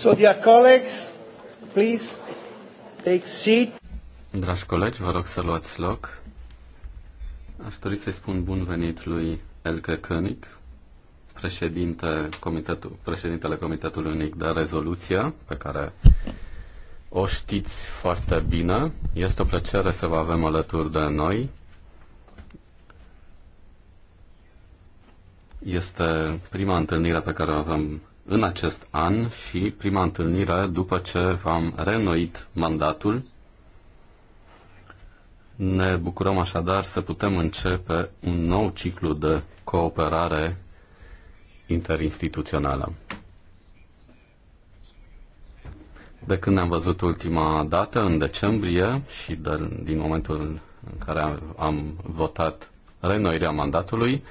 So, dear colleagues, please take seat. Dragi colegi, vă rog să luați loc. Aș dori să-i spun bun venit lui Elke König, președinte comitetul, președintele Comitetului Unic de Rezoluție, pe care o știți foarte bine. Este o plăcere să vă avem alături de noi. Este prima întâlnire pe care o avem în acest an și prima întâlnire după ce v-am renoit mandatul. Ne bucurăm așadar să putem începe un nou ciclu de cooperare interinstituțională. De când ne-am văzut ultima dată, în decembrie, și de, din momentul în care am, am votat renoirea mandatului,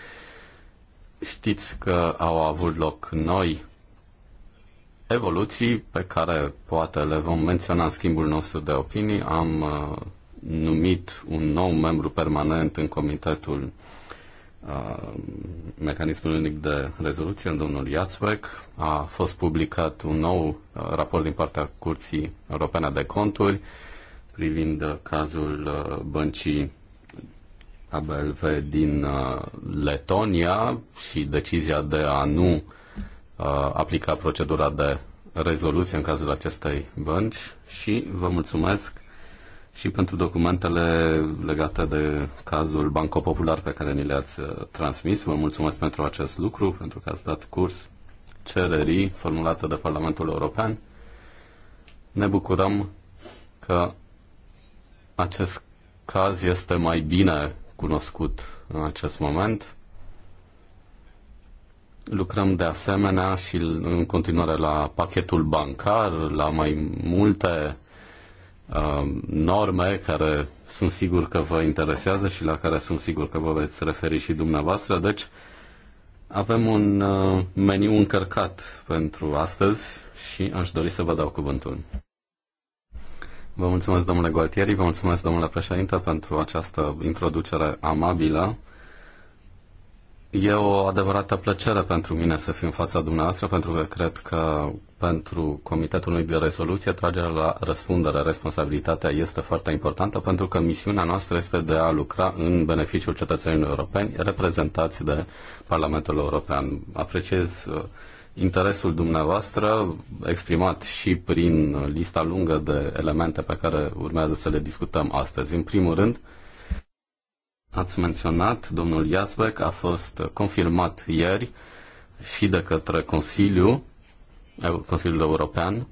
știți că au avut loc noi evoluții pe care poate le vom menționa în schimbul nostru de opinii. Am uh, numit un nou membru permanent în comitetul uh, Mecanismului unic de rezoluție, domnul Iațbec. A fost publicat un nou uh, raport din partea Curții Europene de Conturi privind uh, cazul uh, băncii ABLV din uh, Letonia și decizia de a nu aplica procedura de rezoluție în cazul acestei bănci și vă mulțumesc și pentru documentele legate de cazul Banco Popular pe care ni le-ați uh, transmis. Vă mulțumesc pentru acest lucru, pentru că ați dat curs cererii formulate de Parlamentul European. Ne bucurăm că acest caz este mai bine cunoscut în acest moment Lucrăm de asemenea și în continuare la pachetul bancar, la mai multe uh, norme care sunt sigur că vă interesează și la care sunt sigur că vă veți referi și dumneavoastră. Deci avem un uh, meniu încărcat pentru astăzi și aș dori să vă dau cuvântul. Vă mulțumesc, domnule Gualtieri, vă mulțumesc, domnule președinte, pentru această introducere amabilă E o adevărată plăcere pentru mine să fiu în fața dumneavoastră, pentru că cred că pentru Comitetul unui de rezoluție tragerea la răspundere, responsabilitatea este foarte importantă, pentru că misiunea noastră este de a lucra în beneficiul cetățenilor europeni reprezentați de Parlamentul European. Apreciez uh, interesul dumneavoastră exprimat și prin lista lungă de elemente pe care urmează să le discutăm astăzi. În primul rând, ați menționat, domnul Iazbec a fost confirmat ieri și de către Consiliu, Consiliul European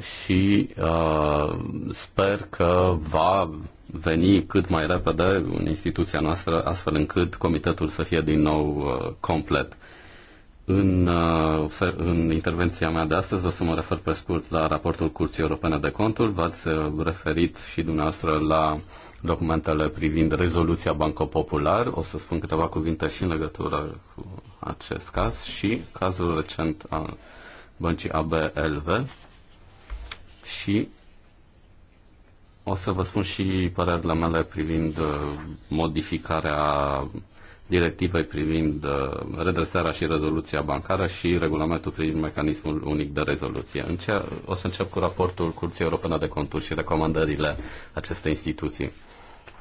și uh, sper că va veni cât mai repede în instituția noastră astfel încât comitetul să fie din nou uh, complet. În, uh, în intervenția mea de astăzi o să mă refer pe scurt la raportul Curții Europene de Conturi. V-ați uh, referit și dumneavoastră la documentele privind rezoluția Banco Popular. O să spun câteva cuvinte și în legătură cu acest caz și cazul recent al băncii ABLV și o să vă spun și părerile mele privind uh, modificarea directivei privind uh, redresarea și rezoluția bancară și regulamentul privind mecanismul unic de rezoluție. Înce- o să încep cu raportul Curții Europene de Conturi și recomandările acestei instituții.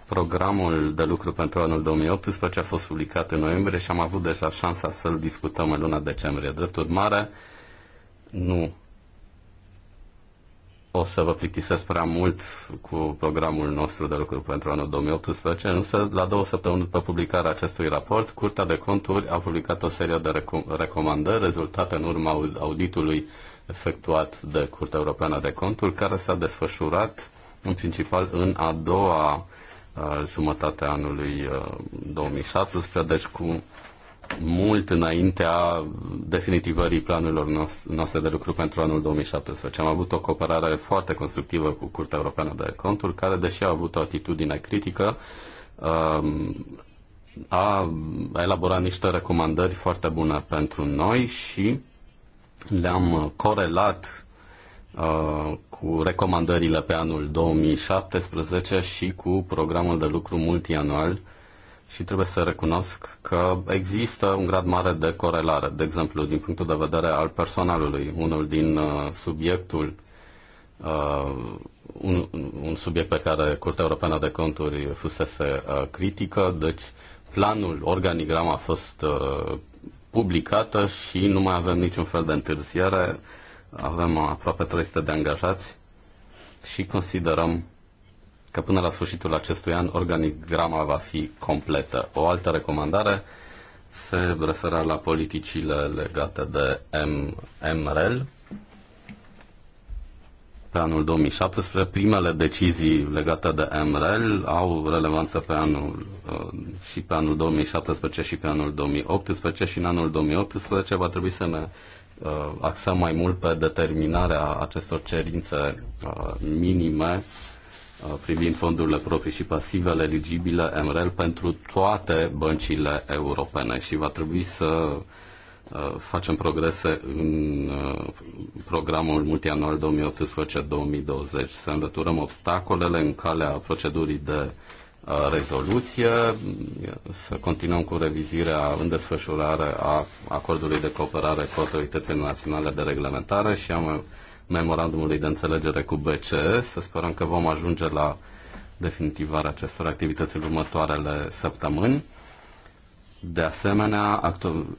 Programul de lucru pentru anul 2018 a fost publicat în noiembrie și am avut deja șansa să-l discutăm în luna decembrie. Drept urmare, nu o să vă plictisesc prea mult cu programul nostru de lucru pentru anul 2018, însă la două săptămâni după publicarea acestui raport, Curtea de Conturi a publicat o serie de recom- recomandări rezultate în urma auditului efectuat de Curtea Europeană de Conturi, care s-a desfășurat în principal în a doua uh, jumătate a anului 2017, uh, deci cu mult înaintea definitivării planurilor noastre de lucru pentru anul 2017. Am avut o cooperare foarte constructivă cu Curtea Europeană de Conturi, care, deși a avut o atitudine critică, um, a elaborat niște recomandări foarte bune pentru noi și le-am corelat uh, cu recomandările pe anul 2017 și cu programul de lucru multianual și trebuie să recunosc că există un grad mare de corelare, de exemplu, din punctul de vedere al personalului. Unul din uh, subiectul, uh, un, un subiect pe care Curtea Europeană de Conturi fusese uh, critică, deci planul, organigrama a fost uh, publicată și nu mai avem niciun fel de întârziere. Avem aproape 300 de angajați și considerăm că până la sfârșitul acestui an organigrama va fi completă. O altă recomandare se referă la politicile legate de M- Pe anul 2017, primele decizii legate de MRL au relevanță pe anul uh, și pe anul 2017 și pe anul 2018 și în anul 2018 va trebui să ne uh, axăm mai mult pe determinarea acestor cerințe uh, minime Uh, privind fondurile proprii și pasivele eligibile MREL pentru toate băncile europene și va trebui să uh, facem progrese în uh, programul multianual 2018-2020, să înlăturăm obstacolele în calea procedurii de rezoluție, să continuăm cu revizuirea în desfășurare a acordului de cooperare cu autoritățile naționale de reglementare și am memorandumului de înțelegere cu BC. Să sperăm că vom ajunge la definitivarea acestor activități în următoarele săptămâni. De asemenea,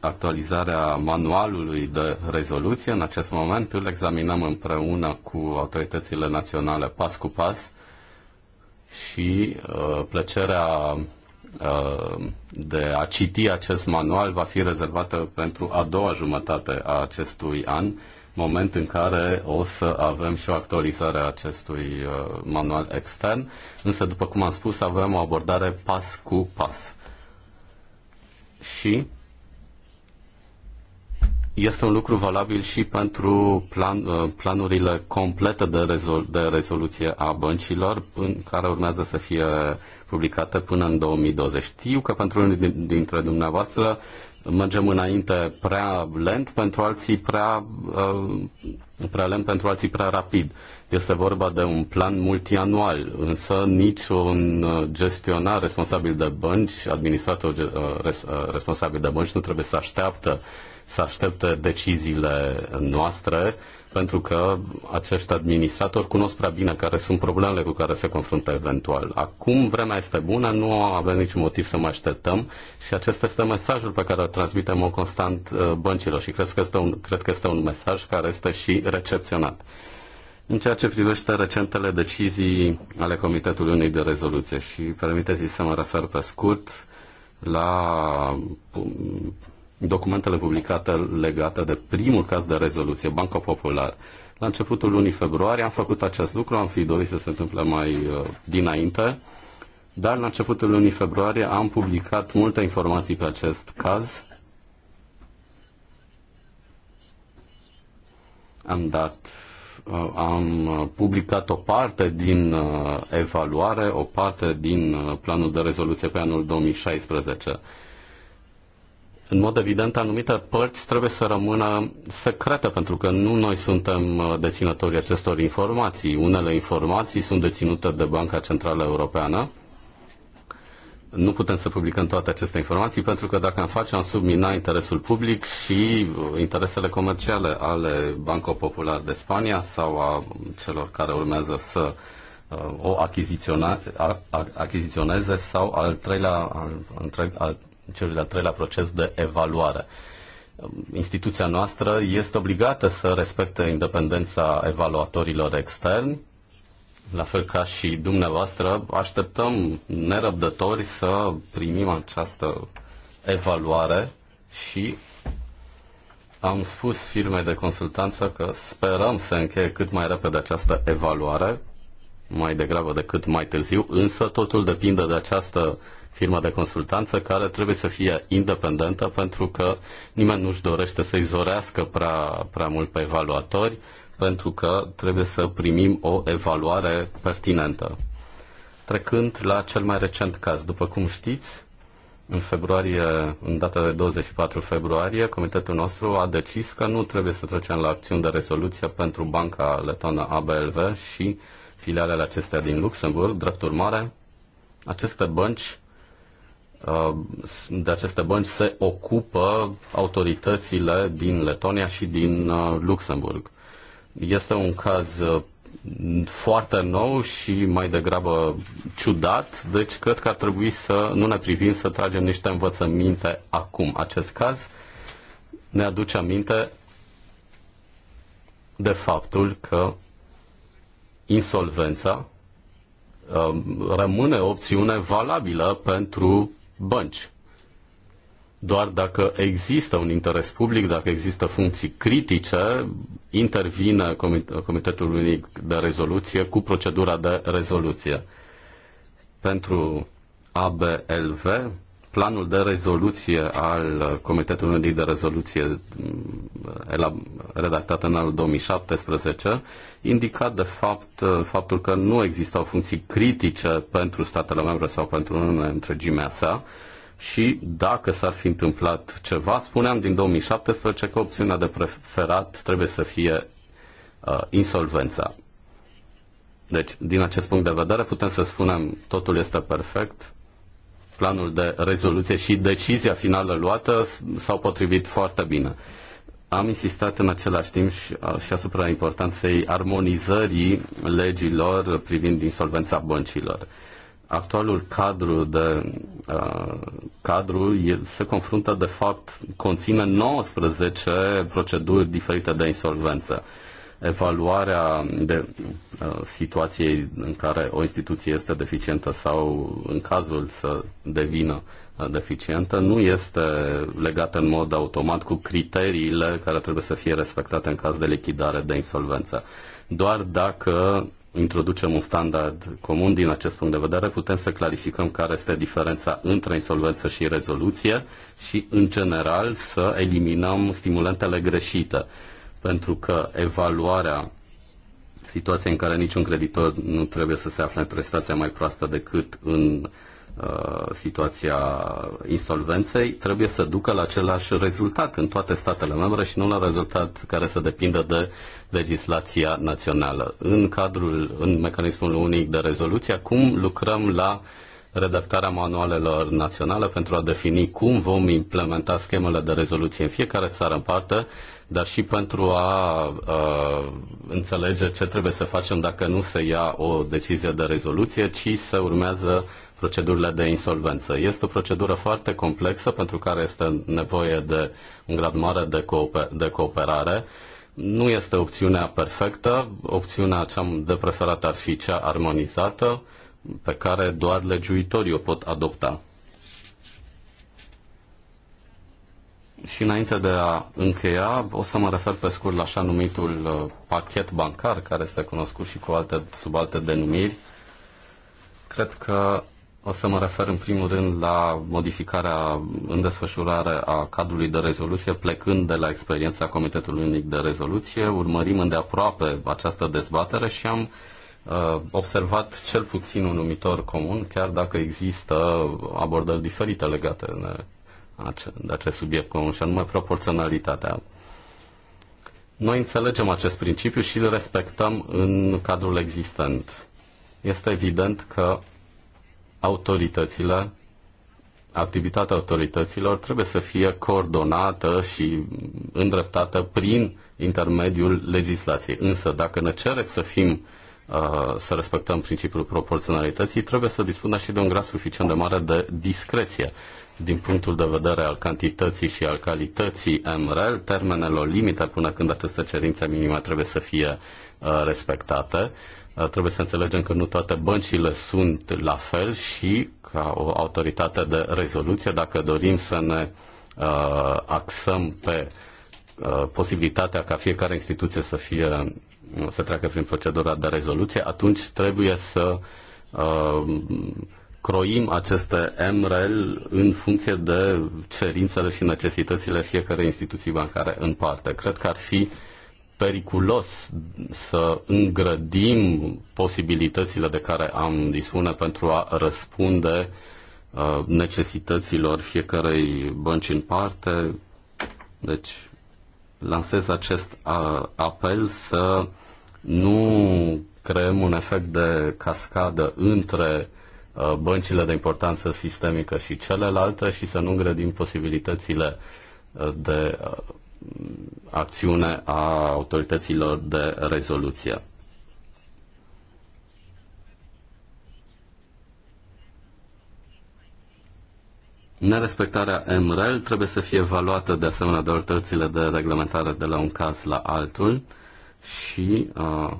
actualizarea manualului de rezoluție în acest moment îl examinăm împreună cu autoritățile naționale pas cu pas și uh, plăcerea uh, de a citi acest manual va fi rezervată pentru a doua jumătate a acestui an moment în care o să avem și o actualizare a acestui uh, manual extern, însă, după cum am spus, avem o abordare pas cu pas. Și este un lucru valabil și pentru plan, uh, planurile complete de, rezol, de rezoluție a băncilor, în care urmează să fie publicate până în 2020. Știu că pentru unii dintre dumneavoastră mergem înainte prea lent, pentru alții prea, uh, prea lent, pentru alții prea rapid. Este vorba de un plan multianual, însă niciun uh, gestionar responsabil de bănci, administrator uh, responsabil de bănci, nu trebuie să așteaptă să aștepte deciziile noastre uh, pentru că acești administratori cunosc prea bine care sunt problemele cu care se confruntă eventual. Acum vremea este bună, nu avem niciun motiv să mai așteptăm și acesta este mesajul pe care îl transmitem în constant uh, băncilor și cred că, este un, cred că este un mesaj care este și recepționat. În ceea ce privește recentele decizii ale Comitetului Unii de Rezoluție și permiteți-mi să mă refer pe scurt la documentele publicate legate de primul caz de rezoluție, Banca Popular. La începutul lunii februarie am făcut acest lucru, am fi dorit să se întâmple mai uh, dinainte, dar la începutul lunii februarie am publicat multe informații pe acest caz. Am dat uh, am uh, publicat o parte din uh, evaluare, o parte din planul de rezoluție pe anul 2016 în mod evident, anumite părți trebuie să rămână secrete, pentru că nu noi suntem uh, deținătorii acestor informații. Unele informații sunt deținute de Banca Centrală Europeană. Nu putem să publicăm toate aceste informații, pentru că dacă am face, am submina interesul public și uh, interesele comerciale ale Banco Popular de Spania sau a celor care urmează să uh, o achiziționa, achiziționeze sau al treilea, al, al, al celui de-al treilea proces de evaluare. Instituția noastră este obligată să respecte independența evaluatorilor externi, la fel ca și dumneavoastră, așteptăm nerăbdători să primim această evaluare și am spus firmei de consultanță că sperăm să încheie cât mai repede această evaluare, mai degrabă decât mai târziu, însă totul depinde de această firma de consultanță care trebuie să fie independentă pentru că nimeni nu-și dorește să-i zorească prea, prea mult pe evaluatori pentru că trebuie să primim o evaluare pertinentă. Trecând la cel mai recent caz, după cum știți, în februarie, în data de 24 februarie, comitetul nostru a decis că nu trebuie să trecem la acțiuni de rezoluție pentru banca letonă ABLV și filialele acestea din Luxemburg. Drept urmare, aceste bănci Uh, de aceste bănci se ocupă autoritățile din Letonia și din uh, Luxemburg. Este un caz uh, foarte nou și mai degrabă ciudat, deci cred că ar trebui să nu ne privim să tragem niște învățăminte acum. Acest caz ne aduce aminte de faptul că insolvența rămâne o opțiune valabilă pentru bănci. Doar dacă există un interes public, dacă există funcții critice, intervine Comitetul Unic de Rezoluție cu procedura de rezoluție. Pentru ABLV, planul de rezoluție al Comitetului Unic de Rezoluție mm, redactat în anul 2017 indica de fapt faptul că nu existau funcții critice pentru statele membre sau pentru Uniunea întregimea sa și dacă s-ar fi întâmplat ceva, spuneam din 2017 că opțiunea de preferat trebuie să fie uh, insolvența. Deci, din acest punct de vedere, putem să spunem totul este perfect, planul de rezoluție și decizia finală luată s-au potrivit foarte bine. Am insistat în același timp și, și asupra importanței armonizării legilor privind insolvența băncilor. Actualul cadru, de, uh, cadru se confruntă, de fapt, conține 19 proceduri diferite de insolvență evaluarea de uh, situației în care o instituție este deficientă sau în cazul să devină uh, deficientă nu este legată în mod automat cu criteriile care trebuie să fie respectate în caz de lichidare de insolvență. Doar dacă introducem un standard comun din acest punct de vedere, putem să clarificăm care este diferența între insolvență și rezoluție și, în general, să eliminăm stimulentele greșite pentru că evaluarea situației în care niciun creditor nu trebuie să se afle într-o situație mai proastă decât în uh, situația insolvenței, trebuie să ducă la același rezultat în toate statele membre și nu la rezultat care să depindă de legislația națională. În cadrul, în mecanismul unic de rezoluție, acum lucrăm la redactarea manualelor naționale pentru a defini cum vom implementa schemele de rezoluție în fiecare țară în parte dar și pentru a uh, înțelege ce trebuie să facem dacă nu se ia o decizie de rezoluție, ci se urmează procedurile de insolvență. Este o procedură foarte complexă pentru care este nevoie de un grad mare de, cooper- de cooperare. Nu este opțiunea perfectă, opțiunea cea de preferat ar fi cea armonizată, pe care doar legiuitorii o pot adopta. Și înainte de a încheia, o să mă refer pe scurt la așa numitul uh, pachet bancar, care este cunoscut și cu alte, sub alte denumiri. Cred că o să mă refer în primul rând la modificarea în desfășurare a cadrului de rezoluție, plecând de la experiența Comitetului Unic de Rezoluție. Urmărim îndeaproape această dezbatere și am uh, observat cel puțin un numitor comun, chiar dacă există abordări diferite legate de de acest subiect comun, și anume proporționalitatea. Noi înțelegem acest principiu și îl respectăm în cadrul existent. Este evident că autoritățile, activitatea autorităților trebuie să fie coordonată și îndreptată prin intermediul legislației. Însă, dacă ne cereți să fim uh, Uh, să respectăm principiul proporționalității, trebuie să dispună și de un grad suficient de mare de discreție din punctul de vedere al cantității și al calității MRL, termenelor limite până când aceste cerințe minime trebuie să fie uh, respectate. Uh, trebuie să înțelegem că nu toate băncile sunt la fel și ca o autoritate de rezoluție, dacă dorim să ne axăm pe posibilitatea ca fiecare instituție să fie să treacă prin procedura de rezoluție, atunci trebuie să uh, croim aceste MREL în funcție de cerințele și necesitățile fiecarei instituții bancare în parte. Cred că ar fi periculos să îngrădim posibilitățile de care am dispune pentru a răspunde uh, necesităților fiecarei bănci în parte. Deci, lansez acest apel să nu creăm un efect de cascadă între băncile de importanță sistemică și celelalte și să nu îngrădim posibilitățile de acțiune a autorităților de rezoluție. Nerespectarea MREL trebuie să fie evaluată de asemenea de autoritățile de reglementare de la un caz la altul și uh,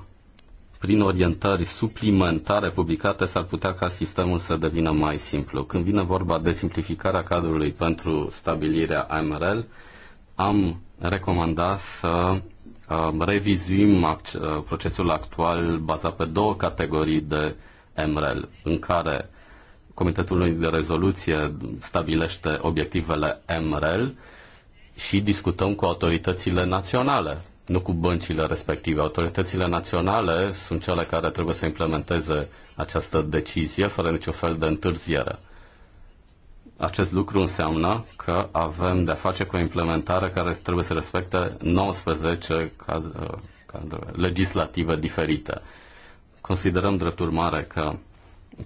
prin orientări suplimentare publicate s-ar putea ca sistemul să devină mai simplu. Când vine vorba de simplificarea cadrului pentru stabilirea MREL, am recomandat să uh, revizuim uh, procesul actual bazat pe două categorii de MREL, în care Comitetului de Rezoluție stabilește obiectivele MREL și discutăm cu autoritățile naționale, nu cu băncile respective. Autoritățile naționale sunt cele care trebuie să implementeze această decizie fără niciun fel de întârziere. Acest lucru înseamnă că avem de-a face cu o implementare care trebuie să respecte 19 cadre, cadre legislative diferite. Considerăm drept urmare că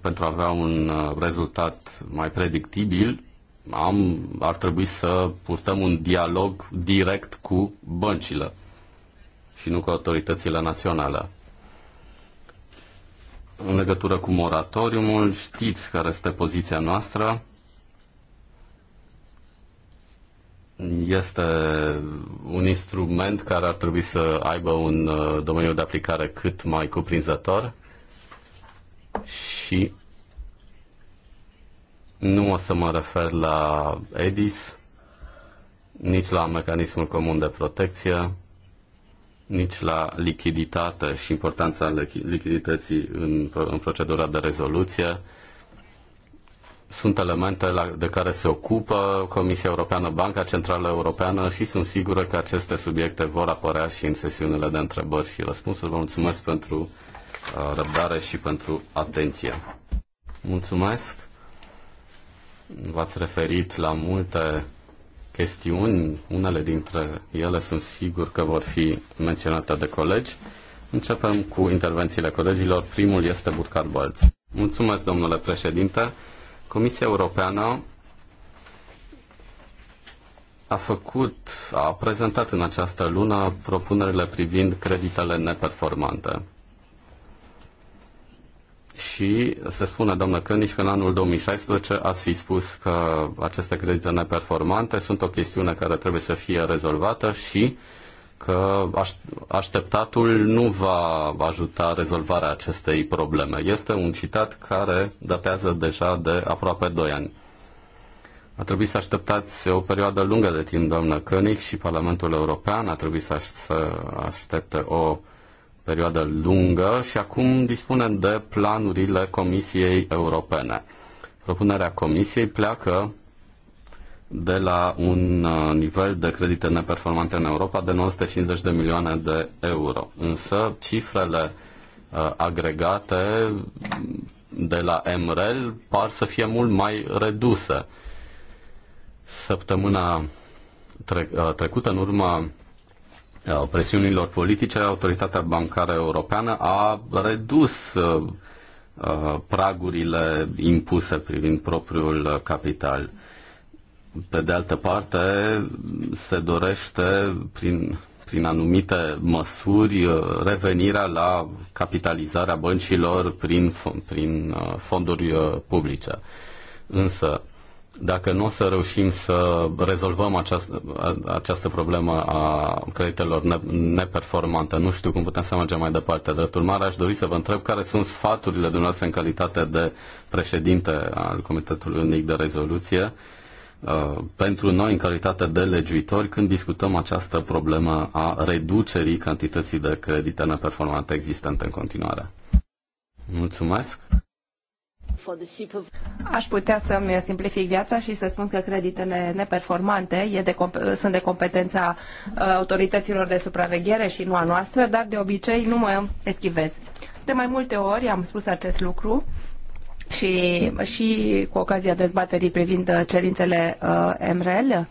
pentru a avea un uh, rezultat mai predictibil, am, ar trebui să purtăm un dialog direct cu băncile și nu cu autoritățile naționale. În legătură cu moratoriumul, știți care este poziția noastră. Este un instrument care ar trebui să aibă un uh, domeniu de aplicare cât mai cuprinzător și nu o să mă refer la EDIS, nici la mecanismul comun de protecție, nici la lichiditate și importanța lichidității în, în procedura de rezoluție. Sunt elemente la, de care se ocupă Comisia Europeană, Banca Centrală Europeană și sunt sigură că aceste subiecte vor apărea și în sesiunile de întrebări și răspunsuri. Vă mulțumesc pentru Uh, răbdare și pentru atenție. Mulțumesc! V-ați referit la multe chestiuni, unele dintre ele sunt sigur că vor fi menționate de colegi. Începem cu intervențiile colegilor. Primul este Burcar Bălț. Mulțumesc, domnule președinte. Comisia Europeană a făcut, a prezentat în această lună propunerile privind creditele neperformante și se spune, doamnă Cănici, că în anul 2016 ați fi spus că aceste credite neperformante sunt o chestiune care trebuie să fie rezolvată și că așteptatul nu va ajuta rezolvarea acestei probleme. Este un citat care datează deja de aproape 2 ani. A trebuit să așteptați o perioadă lungă de timp, doamnă Cănic, și Parlamentul European a trebuit să aștepte o perioadă lungă și acum dispunem de planurile Comisiei Europene. Propunerea Comisiei pleacă de la un uh, nivel de credite neperformante în Europa de 950 de milioane de euro. Însă cifrele uh, agregate de la MREL par să fie mult mai reduse. Săptămâna uh, trecută, în urma Uh, presiunilor politice, Autoritatea Bancară Europeană a redus uh, uh, pragurile impuse privind propriul capital. Pe de altă parte, se dorește prin, prin anumite măsuri revenirea la capitalizarea băncilor prin, prin fonduri publice. Însă, dacă nu o să reușim să rezolvăm această, această problemă a creditelor neperformante, nu știu cum putem să mergem mai departe. Drept urmare, aș dori să vă întreb care sunt sfaturile dumneavoastră în calitate de președinte al Comitetului Unic de Rezoluție uh, pentru noi, în calitate de legiuitori, când discutăm această problemă a reducerii cantității de credite neperformante existente în continuare. Mulțumesc! Aș putea să-mi simplific viața și să spun că creditele neperformante e de, sunt de competența uh, autorităților de supraveghere și nu a noastră, dar de obicei nu mă eschivez. De mai multe ori am spus acest lucru și, și cu ocazia dezbaterii privind uh, cerințele uh, MREL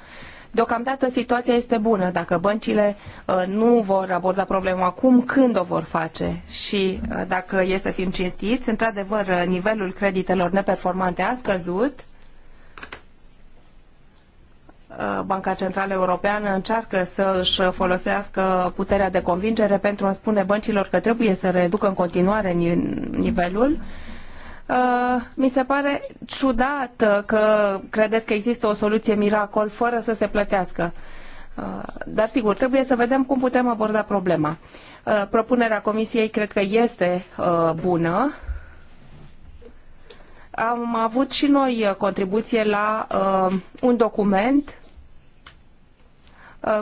Deocamdată situația este bună. Dacă băncile uh, nu vor aborda problema acum, când o vor face? Și uh, dacă e să fim cinstiți, într-adevăr, uh, nivelul creditelor neperformante a scăzut. Banca Centrală Europeană încearcă să își folosească puterea de convingere pentru a spune băncilor că trebuie să reducă în continuare nivelul. Uh, mi se pare ciudat că credeți că există o soluție miracol fără să se plătească. Uh, dar sigur, trebuie să vedem cum putem aborda problema. Uh, propunerea comisiei cred că este bună. Am avut și noi contribuție la un document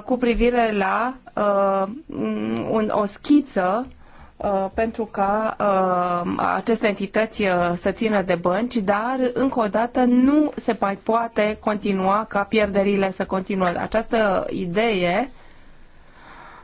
cu privire la un, o schiță Uh, pentru ca uh, aceste entități uh, să țină de bănci, dar încă o dată nu se mai poate continua ca pierderile să continuă. Această idee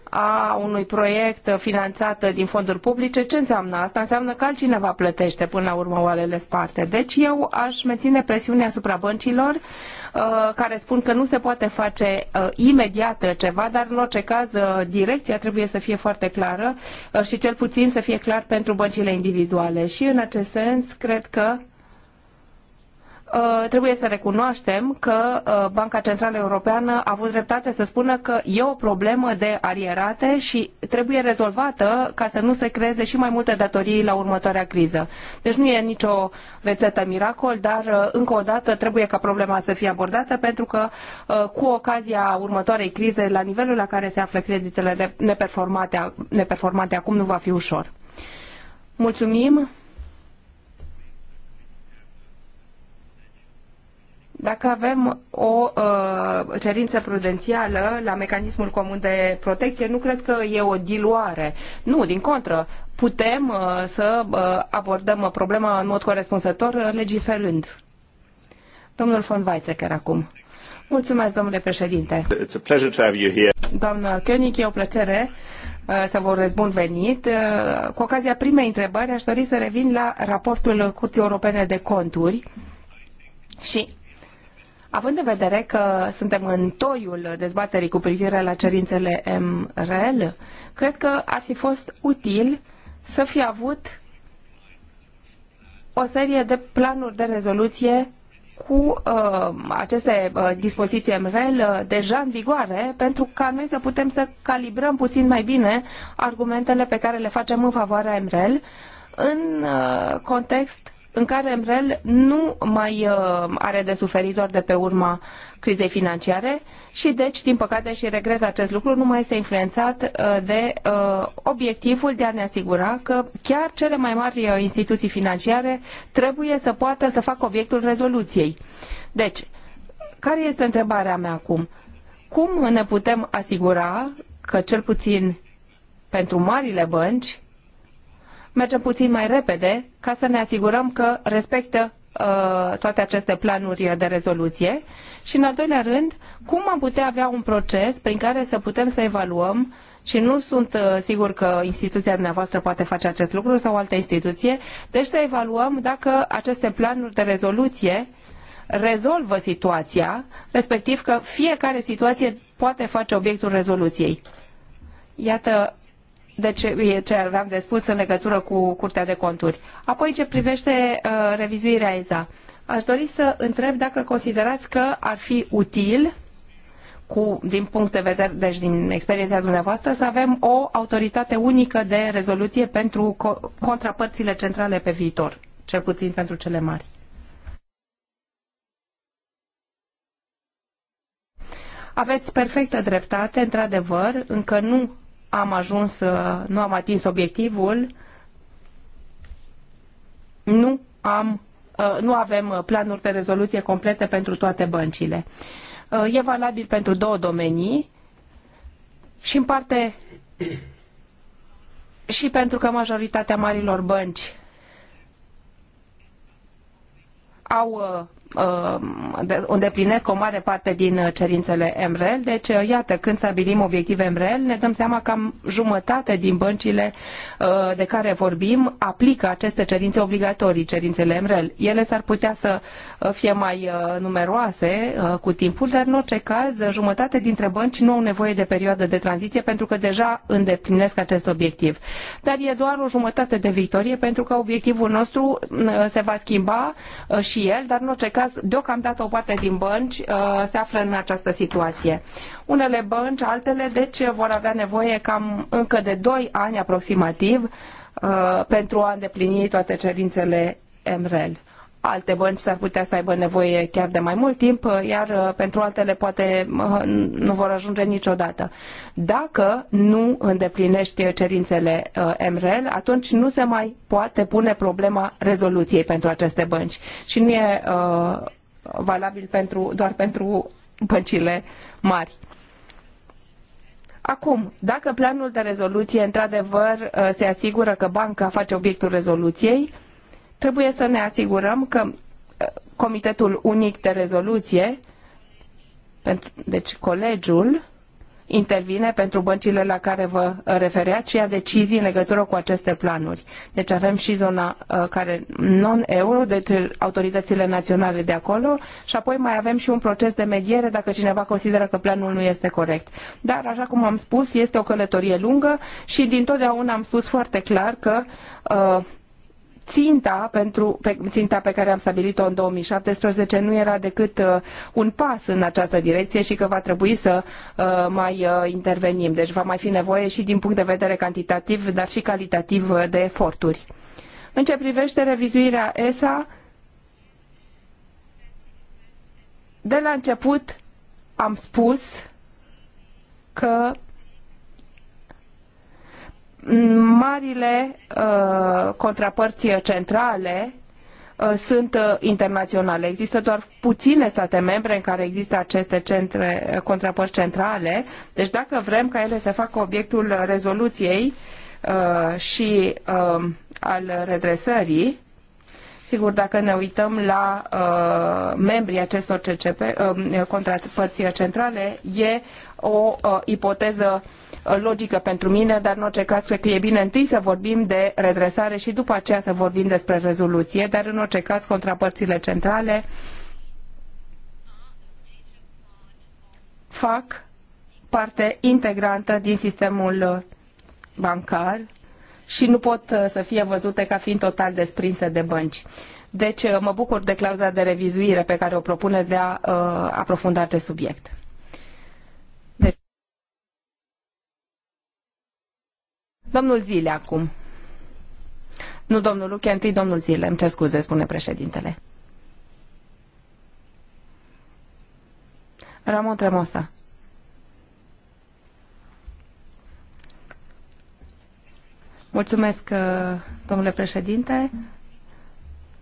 a unui proiect finanțat din fonduri publice, ce înseamnă asta? Înseamnă că altcineva plătește până la urmă oalele sparte. Deci eu aș menține presiunea asupra băncilor uh, care spun că nu se poate face uh, imediat ceva, dar în orice caz uh, direcția trebuie să fie foarte clară uh, și cel puțin să fie clar pentru băncile individuale. Și în acest sens cred că Uh, trebuie să recunoaștem că uh, Banca Centrală Europeană a avut dreptate să spună că e o problemă de arierate și trebuie rezolvată ca să nu se creeze și mai multe datorii la următoarea criză. Deci nu e nicio rețetă miracol, dar uh, încă o dată trebuie ca problema să fie abordată pentru că cu ocazia următoarei crize, la nivelul la care se află creditele neperformate, neperformate acum, nu va fi ușor. Mulțumim! Dacă avem o uh, cerință prudențială la mecanismul comun de protecție, nu cred că e o diluare. Nu, din contră, putem uh, să uh, abordăm problema în mod corespunzător uh, legiferând. Domnul von Weizsäcker acum. Mulțumesc, domnule președinte. It's a pleasure to have you here. Doamna Koenig, e o plăcere uh, să vă urez bun venit. Uh, cu ocazia primei întrebări aș dori să revin la raportul Curții Europene de Conturi și Având în vedere că suntem în toiul dezbaterii cu privire la cerințele MRL, cred că ar fi fost util să fi avut o serie de planuri de rezoluție cu uh, aceste uh, dispoziții MREL uh, deja în vigoare pentru ca noi să putem să calibrăm puțin mai bine argumentele pe care le facem în favoarea MREL în uh, context în care MREL nu mai uh, are de suferit doar de pe urma crizei financiare și deci, din păcate și regret acest lucru, nu mai este influențat uh, de uh, obiectivul de a ne asigura că chiar cele mai mari instituții financiare trebuie să poată să facă obiectul rezoluției. Deci, care este întrebarea mea acum? Cum ne putem asigura că cel puțin pentru marile bănci mergem puțin mai repede ca să ne asigurăm că respectă uh, toate aceste planuri de rezoluție și, în al doilea rând, cum am putea avea un proces prin care să putem să evaluăm și nu sunt uh, sigur că instituția dumneavoastră poate face acest lucru sau altă instituție, deci să evaluăm dacă aceste planuri de rezoluție rezolvă situația, respectiv că fiecare situație poate face obiectul rezoluției. Iată ce, e ce aveam de spus în legătură cu Curtea de Conturi. Apoi ce privește uh, revizuirea ESA. Aș dori să întreb dacă considerați că ar fi util cu, din punct de vedere, deci din experiența dumneavoastră, să avem o autoritate unică de rezoluție pentru co- contrapărțile centrale pe viitor, cel puțin pentru cele mari. Aveți perfectă dreptate, într-adevăr, încă nu am ajuns, uh, nu am atins obiectivul, nu, am, uh, nu avem uh, planuri de rezoluție complete pentru toate băncile. E valabil pentru două domenii și în parte și pentru că majoritatea marilor bănci au îndeplinesc o mare parte din uh, cerințele MREL. Deci, uh, iată, când stabilim obiective MREL, ne dăm seama că cam jumătate din băncile uh, de care vorbim aplică aceste cerințe obligatorii, cerințele MREL. Ele s-ar putea să fie mai numeroase cu timpul, dar în orice caz, jumătate dintre bănci nu au nevoie de perioadă de tranziție pentru că deja îndeplinesc acest obiectiv. Dar e doar o jumătate de victorie pentru că obiectivul nostru se va schimba și el, dar în orice caz caz, deocamdată o parte din bănci uh, se află în această situație. Unele bănci, altele, deci vor avea nevoie cam încă de 2 ani aproximativ uh, pentru a îndeplini toate cerințele MREL alte bănci s-ar putea să aibă nevoie chiar de mai mult timp, uh, iar uh, pentru altele poate uh, nu vor ajunge niciodată. Dacă nu îndeplinești cerințele MREL, atunci nu se mai poate pune problema rezoluției pentru aceste bănci și nu e uh, valabil pentru, doar pentru băncile mari. Acum, dacă planul de rezoluție într-adevăr se asigură că banca face obiectul rezoluției, Trebuie să ne asigurăm că eh, Comitetul Unic de Rezoluție, deci colegiul, intervine pentru băncile la care vă refereați și ia decizii în legătură cu aceste planuri. Deci avem și zona eh, care non-euro, deci autoritățile naționale de acolo și apoi mai avem și un proces de mediere dacă cineva consideră că planul nu este corect. Dar, așa cum am spus, este o călătorie lungă și din totdeauna am spus foarte clar că uh, ținta, pentru, pe, ținta pe care am stabilit-o în 2017 nu era decât uh, un pas în această direcție și că va trebui să uh, mai uh, intervenim. Deci va mai fi nevoie și din punct de vedere cantitativ, dar și calitativ de eforturi. În ce privește revizuirea ESA, de la început am spus că marile uh, contrapărți centrale uh, sunt uh, internaționale. Există doar puține state membre în care există aceste centre, uh, centrale, deci dacă vrem ca ele să facă obiectul rezoluției și al redresării, Sigur, dacă ne uităm la uh, membrii acestor CCP, uh, contrapărții centrale, e o uh, ipoteză uh, logică pentru mine, dar în orice caz cred că e bine întâi să vorbim de redresare și după aceea să vorbim despre rezoluție, dar în orice caz contrapărțile centrale fac parte integrantă din sistemul uh, bancar și nu pot uh, să fie văzute ca fiind total desprinse de bănci. Deci uh, mă bucur de clauza de revizuire pe care o propuneți de a uh, aprofunda acest subiect. Deci... Domnul Zile acum. Nu domnul Luche, întâi domnul Zile. Îmi cer scuze, spune președintele. Ramon Tremosa. Mulțumesc, uh, domnule președinte.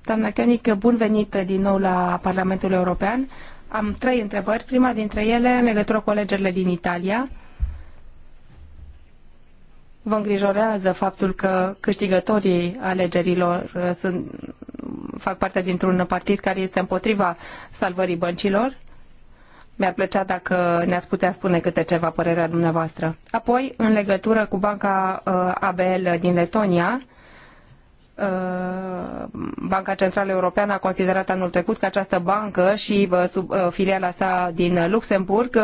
Doamna Chionic, bun venit din nou la Parlamentul European. Am trei întrebări. Prima dintre ele în legătură cu alegerile din Italia. Vă îngrijorează faptul că câștigătorii alegerilor uh, sunt, fac parte dintr-un partid care este împotriva salvării băncilor? Mi-ar plăcea dacă ne-ați putea spune câte ceva părerea dumneavoastră. Apoi, în legătură cu banca uh, ABL din Letonia, Uh, Banca Centrală Europeană a considerat anul trecut că această bancă și uh, sub uh, filiala sa din Luxemburg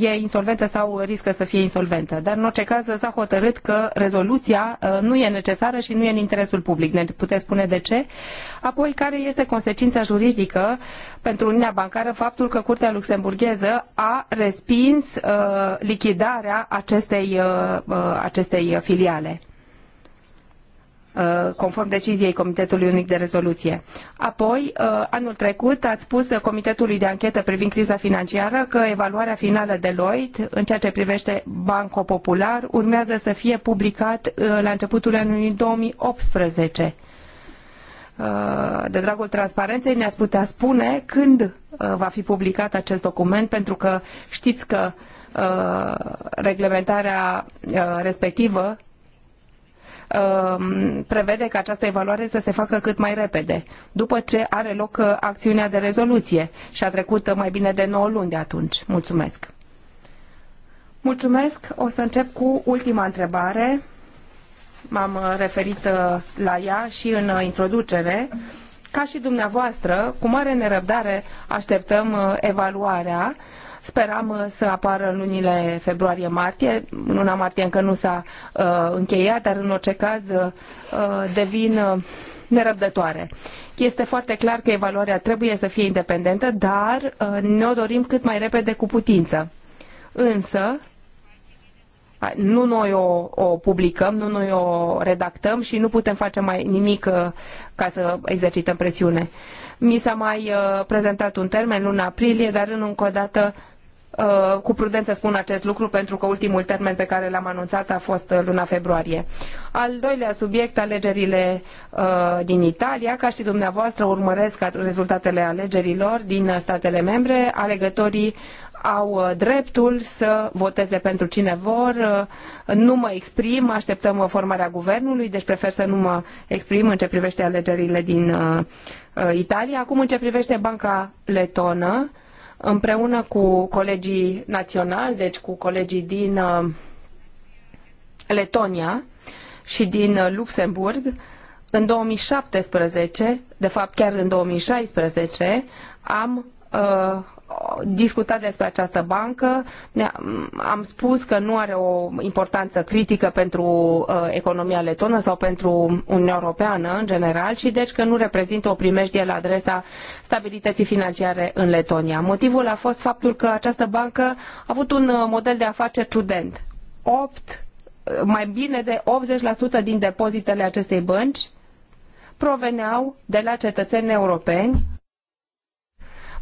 e insolventă sau riscă să fie insolventă. Dar în orice caz s-a hotărât că rezoluția nu e necesară și nu e în interesul public. Ne puteți spune de ce? Apoi, care este consecința juridică pentru Uniunea Bancară faptul că Curtea Luxemburgheză a respins lichidarea acestei, acestei filiale? Uh, conform deciziei Comitetului Unic de Rezoluție. Apoi, uh, anul trecut, ați spus Comitetului de Anchetă privind criza financiară că evaluarea finală de Lloyd, în ceea ce privește Banco Popular, urmează să fie publicat uh, la începutul anului 2018 de dragul transparenței, ne-ați putea spune când va fi publicat acest document, pentru că știți că reglementarea respectivă Um, prevede că această evaluare să se facă cât mai repede, după ce are loc uh, acțiunea de rezoluție și a trecut uh, mai bine de 9 luni de atunci. Mulțumesc! Mulțumesc! O să încep cu ultima întrebare. M-am uh, referit la ea și în introducere. Ca și dumneavoastră, cu mare nerăbdare așteptăm evaluarea uh, Speram uh, să apară în lunile februarie-martie. Luna martie încă nu s-a uh, încheiat, dar în orice caz uh, devin nerăbdătoare. Este foarte clar că evaluarea trebuie să fie independentă, dar ne-o dorim cât mai repede cu putință. Însă, nu noi o, o publicăm, nu noi o redactăm și nu putem face mai nimic ca să exercităm presiune. Mi s-a mai prezentat un termen, luna aprilie, dar încă o dată Uh, cu prudență spun acest lucru pentru că ultimul termen pe care l-am anunțat a fost uh, luna februarie. Al doilea subiect, alegerile uh, din Italia. Ca și dumneavoastră urmăresc rezultatele alegerilor din statele membre. Alegătorii au dreptul să voteze pentru cine vor. Nu mă exprim, așteptăm formarea guvernului, deci prefer să nu mă exprim în ce privește alegerile din Italia. Acum în ce privește Banca Letonă, uh, împreună cu colegii naționali, deci cu colegii din uh, Letonia și din uh, Luxemburg, în 2017, de fapt chiar în 2016, am uh, discutat despre această bancă, am spus că nu are o importanță critică pentru uh, economia letonă sau pentru Uniunea Europeană în general și deci că nu reprezintă o primejdie la adresa stabilității financiare în Letonia. Motivul a fost faptul că această bancă a avut un uh, model de afaceri ciudent. 8, uh, mai bine de 80% din depozitele acestei bănci proveneau de la cetățeni europeni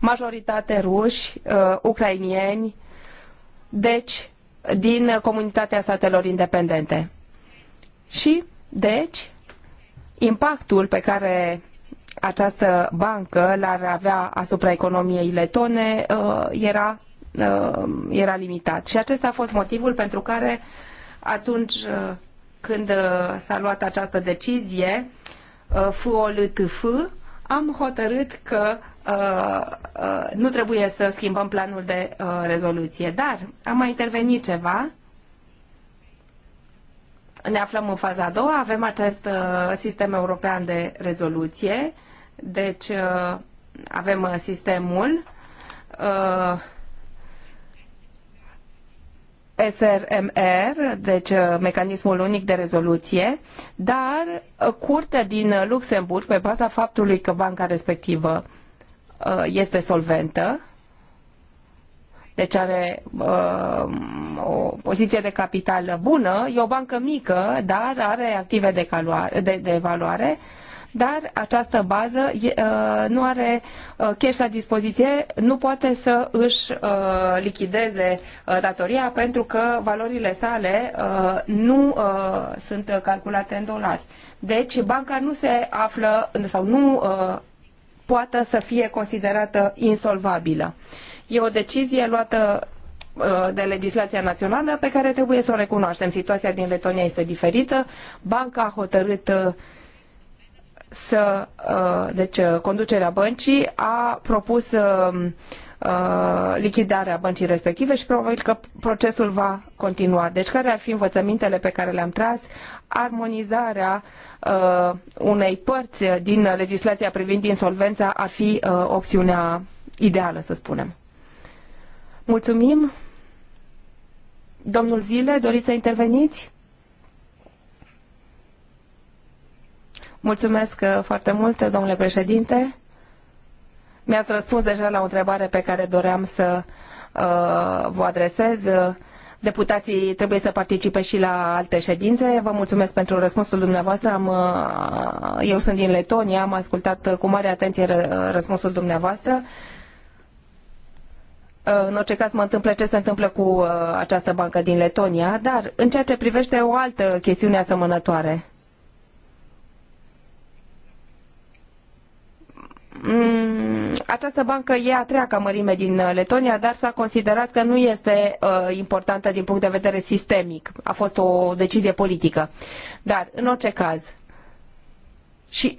majoritate ruși, uh, ucrainieni, deci din comunitatea statelor independente. Și, deci, impactul pe care această bancă l-ar avea asupra economiei letone uh, era, uh, era limitat. Și acesta a fost motivul pentru care atunci când s-a luat această decizie, FOLTF, am hotărât că Uh, uh, nu trebuie să schimbăm planul de uh, rezoluție. Dar a mai intervenit ceva. Ne aflăm în faza a doua, avem acest sistem european de rezoluție, deci avem sistemul SRMR, deci mecanismul unic de rezoluție, dar curtea din Luxemburg, pe baza faptului că banca respectivă Uh, este solventă, deci are uh, o poziție de capital bună, e o bancă mică, dar are active de, caloare, de, de valoare, dar această bază uh, nu are uh, cash la dispoziție, nu poate să își uh, lichideze uh, datoria pentru că valorile sale uh, nu uh, sunt calculate în dolari. Deci banca nu se află sau nu uh, poată să fie considerată insolvabilă. E o decizie luată uh, de legislația națională pe care trebuie să o recunoaștem. Situația din Letonia este diferită. Banca a hotărât uh, să, uh, deci conducerea băncii a propus uh, lichidarea băncii respective și probabil că procesul va continua. Deci care ar fi învățămintele pe care le-am tras? Armonizarea uh, unei părți din legislația privind insolvența ar fi uh, opțiunea ideală, să spunem. Mulțumim. Domnul Zile, doriți să interveniți? Mulțumesc uh, foarte mult, domnule președinte. Mi-ați răspuns deja la o întrebare pe care doream să uh, vă adresez. Deputații trebuie să participe și la alte ședințe. Vă mulțumesc pentru răspunsul dumneavoastră. Am, uh, eu sunt din Letonia, am ascultat cu mare atenție răspunsul dumneavoastră. Uh, în orice caz mă întâmplă ce se întâmplă cu uh, această bancă din Letonia, dar în ceea ce privește o altă chestiune asemănătoare. Mm, această bancă e a treia ca mărime din uh, Letonia, dar s-a considerat că nu este uh, importantă din punct de vedere sistemic. A fost o decizie politică. Dar, în orice caz, și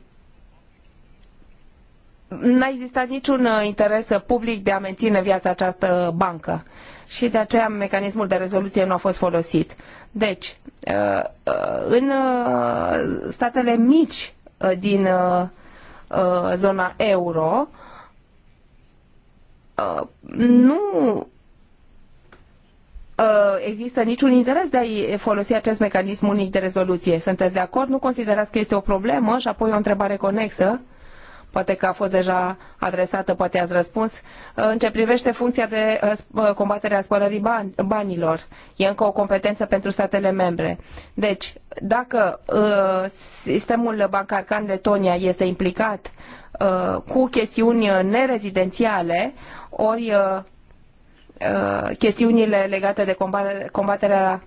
n-a existat niciun uh, interes public de a menține viața această bancă și de aceea mecanismul de rezoluție nu a fost folosit. Deci, în statele mici din uh, Uh, zona euro, uh, nu uh, există niciun interes de a folosi acest mecanism unic de rezoluție. Sunteți de acord? Nu considerați că este o problemă? Și apoi o întrebare conexă. Uh, poate că a fost deja adresată, poate ați răspuns, în ce privește funcția de uh, uh, combaterea spălării banilor. E încă o competență pentru statele membre. Deci, dacă uh, sistemul bancar ca în Letonia este implicat cu chestiuni nerezidențiale, ori chestiunile legate de combaterea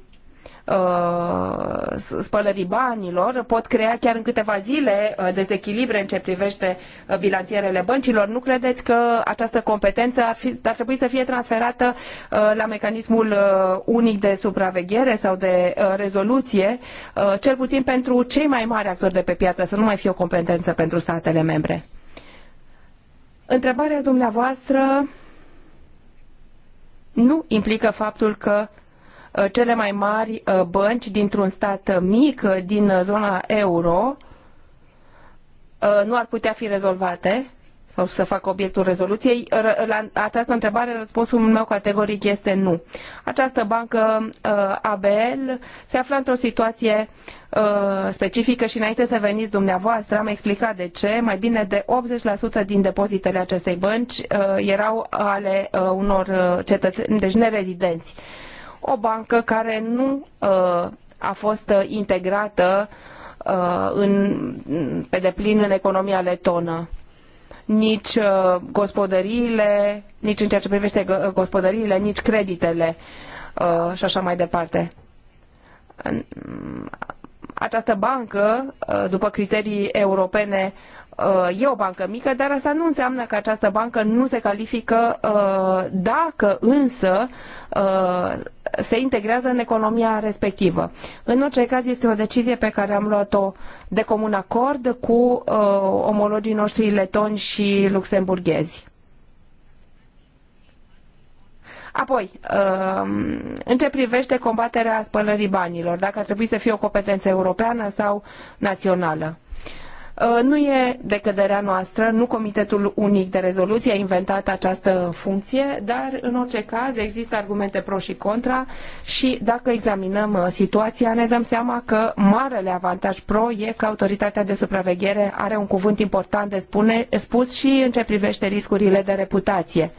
Uh, spălării banilor pot crea chiar în câteva zile uh, dezechilibre în ce privește uh, bilanțierele băncilor. Nu credeți că această competență ar, fi, ar trebui să fie transferată la mecanismul unic de supraveghere sau de rezoluție, cel puțin pentru cei mai mari actori de pe piață, să nu mai fie o competență pentru statele membre? Întrebarea dumneavoastră nu implică faptul că Uh, cele mai mari uh, bănci dintr-un stat mic uh, din zona euro nu ar putea fi rezolvate sau să facă obiectul rezoluției? La această întrebare răspunsul meu categoric este nu. Această bancă ABL se află într-o situație specifică și înainte să veniți dumneavoastră am explicat de ce. Mai bine de 80% din depozitele acestei bănci erau ale unor cetățeni, deci nerezidenți o bancă care nu uh, a fost uh, integrată uh, în, pe deplin în economia letonă nici gospodăriile, nici în ceea ce privește gospodăriile, nici creditele uh, și așa mai departe. Această bancă, după criterii europene, Uh, e o bancă mică, dar asta nu înseamnă că această bancă nu se califică uh, dacă însă uh, se integrează în economia respectivă. În orice caz, este o decizie pe care am luat-o de comun acord cu omologii noștri letoni și luxemburghezi. Apoi, în ce privește combaterea spălării banilor, dacă ar trebui să fie o competență europeană sau națională. Uh, nu e decăderea noastră, nu Comitetul Unic de Rezoluție a inventat această funcție, dar în orice caz există argumente pro și contra și dacă examinăm uh, situația ne dăm seama că marele avantaj pro e că autoritatea de supraveghere are un cuvânt important de spune, spus și în ce privește riscurile de reputație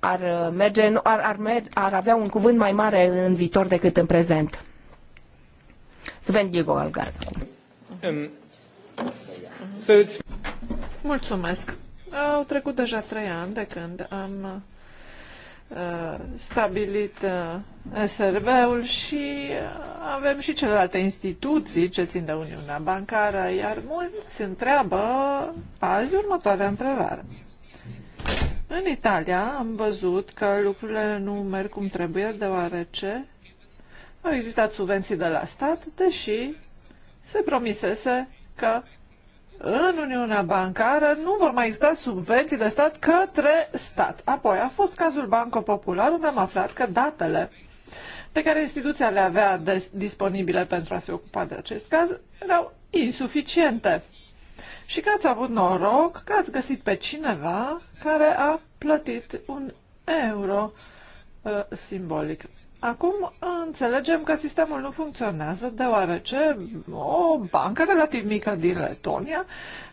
ar, uh, merge, ar, ar, mer, ar avea un cuvânt mai mare în viitor decât în prezent. Sven Giegold, Algar. Um, So Mulțumesc. Au trecut deja trei ani de când am uh, stabilit uh, SRB-ul și uh, avem și celelalte instituții ce țin de Uniunea Bancară, iar mulți întreabă azi următoarea întrebare. În Italia am văzut că lucrurile nu merg cum trebuie, deoarece au existat subvenții de la stat, deși se promisese că în Uniunea Bancară nu vor mai exista subvenții de stat către stat. Apoi a fost cazul Banco Popular unde am aflat că datele pe care instituția le avea disponibile pentru a se ocupa de acest caz erau insuficiente. Și că ați avut noroc că ați găsit pe cineva care a plătit un euro uh, simbolic. Acum înțelegem că sistemul nu funcționează deoarece o bancă relativ mică din Letonia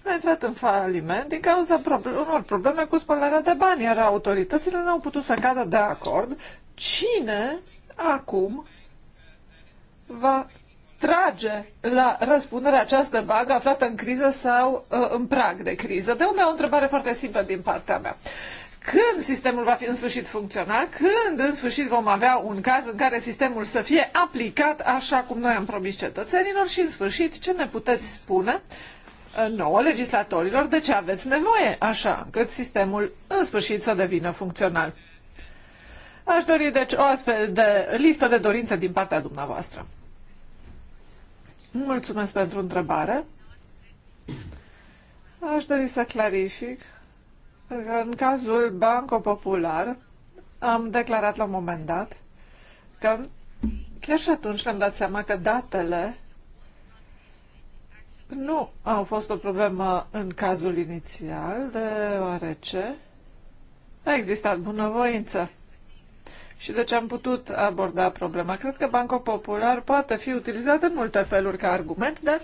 a intrat în faliment din cauza unor probleme cu spălarea de bani, iar autoritățile nu au putut să cadă de acord cine acum va trage la răspundere această bagă aflată în criză sau uh, în prag de criză? De unde o întrebare foarte simplă din partea mea când sistemul va fi în sfârșit funcțional, când în sfârșit vom avea un caz în care sistemul să fie aplicat așa cum noi am promis cetățenilor și în sfârșit ce ne puteți spune uh, nouă legislatorilor de ce aveți nevoie, așa încât sistemul în sfârșit să devină funcțional. Aș dori deci o astfel de listă de dorințe din partea dumneavoastră. Mulțumesc pentru întrebare. Aș dori să clarific în cazul Banco Popular, am declarat la un moment dat că chiar și atunci ne-am dat seama că datele nu au fost o problemă în cazul inițial, deoarece a existat bunăvoință. Și deci am putut aborda problema. Cred că Banco Popular poate fi utilizat în multe feluri ca argument, dar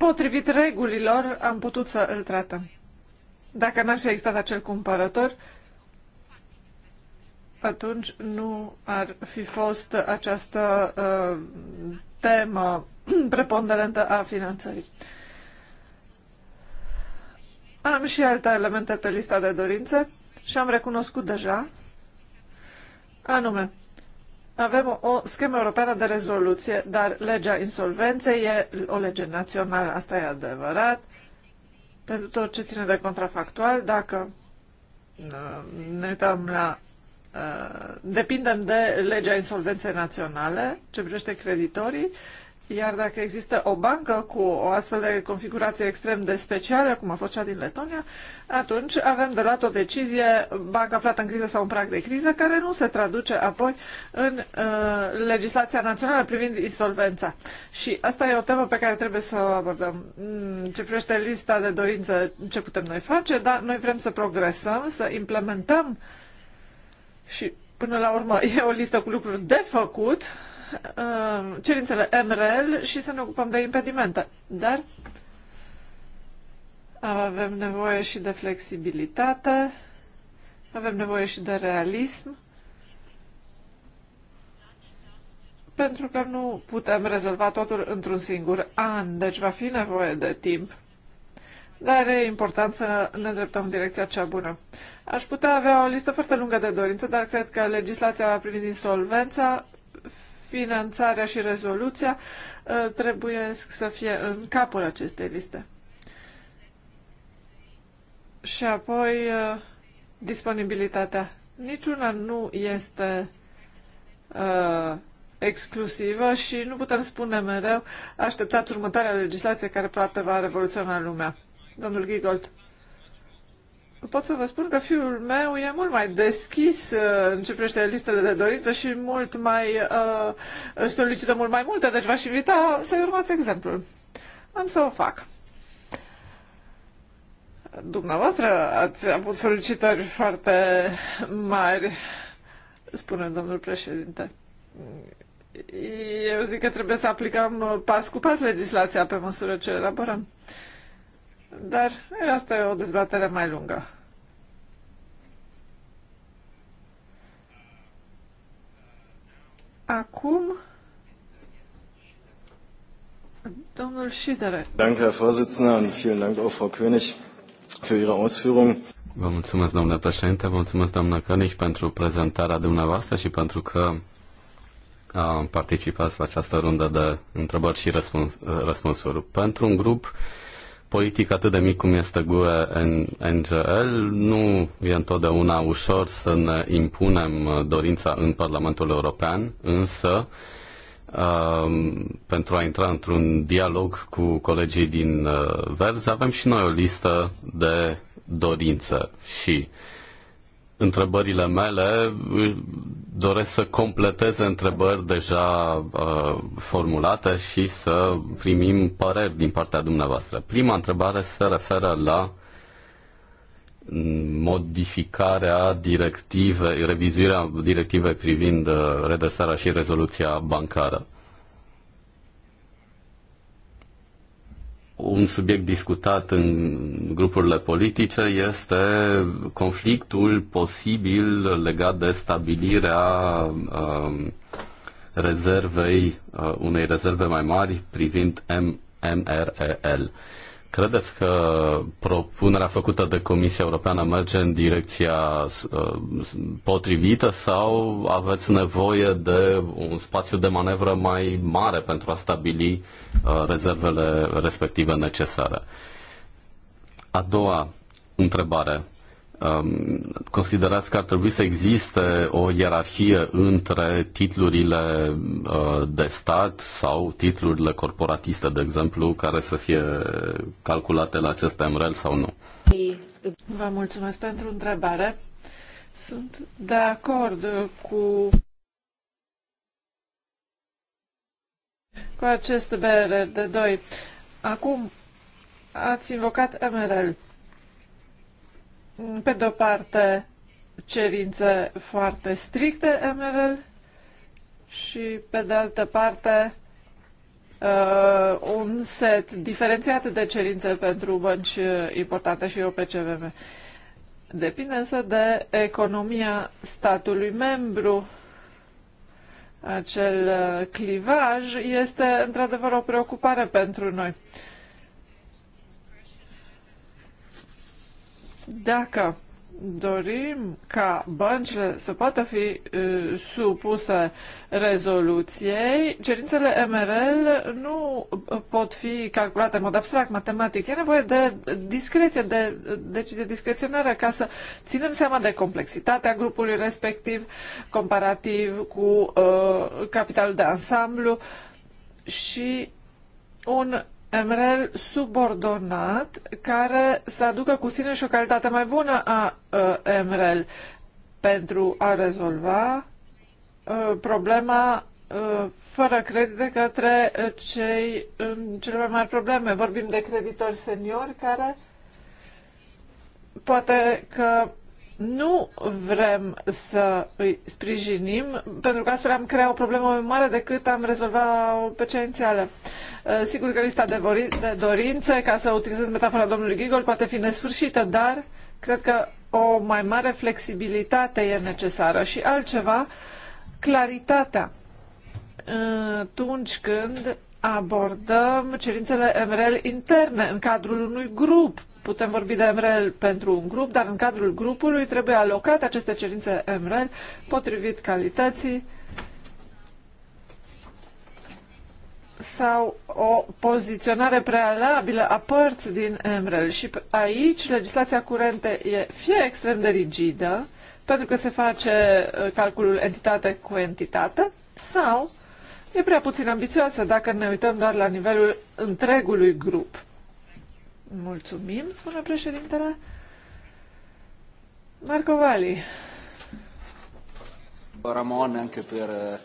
potrivit regulilor, am putut să îl tratăm. Dacă n-ar fi existat acel cumpărător, atunci nu ar fi fost această uh, temă preponderentă a finanțării. Am și alte elemente pe lista de dorințe și am recunoscut deja, anume, avem o schemă europeană de rezoluție, dar legea insolvenței e o lege națională, asta e adevărat. Pentru tot ce ține de contrafactual, dacă uh, ne uităm la uh, depindem de legea insolvenței naționale, ce privește creditorii, iar dacă există o bancă cu o astfel de configurație extrem de specială, cum a fost cea din Letonia, atunci avem de luat o decizie, banca aflată în criză sau în prag de criză, care nu se traduce apoi în uh, legislația națională privind insolvența. Și asta e o temă pe care trebuie să o abordăm. Mm, ce privește lista de dorință, ce putem noi face, dar noi vrem să progresăm, să implementăm și până la urmă e o listă cu lucruri de făcut, Uh, cerințele MRL și să ne ocupăm de impedimente. Dar avem nevoie și de flexibilitate, avem nevoie și de realism, pentru că nu putem rezolva totul într-un singur an, deci va fi nevoie de timp. Dar e important să ne îndreptăm în direcția cea bună. Aș putea avea o listă foarte lungă de dorințe, dar cred că legislația privind insolvența finanțarea și rezoluția uh, trebuie să fie în capul acestei liste. Și apoi uh, disponibilitatea. Niciuna nu este uh, exclusivă și nu putem spune mereu așteptat următoarea legislație care poate va revoluționa lumea. Domnul Gigold pot să vă spun că fiul meu e mult mai deschis uh, în ce privește listele de dorință și mult mai uh, solicită mult mai multe, deci v-aș invita să-i urmați exemplul. Am să o fac. Dumneavoastră ați avut solicitări foarte mari, spune domnul președinte. Eu zic că trebuie să aplicăm pas cu pas legislația pe măsură ce elaborăm. Uh, dar asta e o dezbatere mai lungă. Acum, domnul Schidere. Danke, Herr Vorsitzender, und vielen Dank auch Frau König für Ihre Ausführungen. Vă mulțumesc, domnule președinte, vă mulțumesc, doamnă Cănici, pentru prezentarea dumneavoastră și pentru că a participat la această rundă de întrebări și răspuns, răspunsuri. Pentru un grup politic atât de mic cum este GUE NGL, nu e întotdeauna ușor să ne impunem uh, dorința în Parlamentul European, însă uh, pentru a intra într-un dialog cu colegii din uh, Verzi, avem și noi o listă de dorință și uh, întrebările mele doresc să completeze întrebări deja uh, formulate și să primim păreri din partea dumneavoastră. Prima întrebare se referă la modificarea directivei, revizuirea directivei privind uh, redresarea și rezoluția bancară. un subiect discutat în grupurile politice este conflictul posibil legat de stabilirea um, rezervei, uh, unei rezerve mai mari privind M- MREL. Credeți că propunerea făcută de Comisia Europeană merge în direcția uh, potrivită sau aveți nevoie de un spațiu de manevră mai mare pentru a stabili uh, rezervele respective necesare? A doua întrebare Um, considerați că ar trebui să existe o ierarhie între titlurile uh, de stat sau titlurile corporatiste, de exemplu, care să fie calculate la acest MREL sau nu? Vă mulțumesc pentru întrebare. Sunt de acord cu cu acest BRD2. Acum ați invocat MRL pe de-o parte, cerințe foarte stricte MRL și, pe de altă parte, uh, un set diferențiat de cerințe pentru bănci importante și OPCVM. Depinde însă de economia statului membru. Acel clivaj este într-adevăr o preocupare pentru noi. Uh, Dacă dorim ca băncile să poată fi uh, supuse rezoluției, cerințele MRL nu pot fi calculate în mod abstract, matematic. E nevoie de discreție, de decizie discreționară ca să ținem seama de complexitatea grupului respectiv, comparativ cu uh, capitalul de ansamblu și un MREL subordonat care să aducă cu sine și o calitate mai bună a ă, MREL pentru a rezolva ă, problema ă, fără credite către cei cele mai mari probleme. Vorbim de creditori seniori care poate că nu vrem să îi sprijinim, pentru că astfel am creat o problemă mai mare decât am rezolvat pe cei inițială. Uh, sigur că lista de, de dorințe, ca să utilizez metafora domnului Gigol, poate fi nesfârșită, dar cred că o mai mare flexibilitate e necesară și altceva, claritatea uh, atunci când abordăm cerințele MRL interne în cadrul unui grup Putem vorbi de MREL pentru un grup, dar în cadrul grupului trebuie alocate aceste cerințe MREL potrivit calității sau o poziționare prealabilă a părți din MREL. Și aici legislația curentă e fie extrem de rigidă, pentru că se face uh, calculul entitate cu entitate, sau e prea puțin ambițioasă dacă ne uităm doar la nivelul întregului grup. Mulțumim, spune președintele. Marco Valli. Ramon, anche per uh,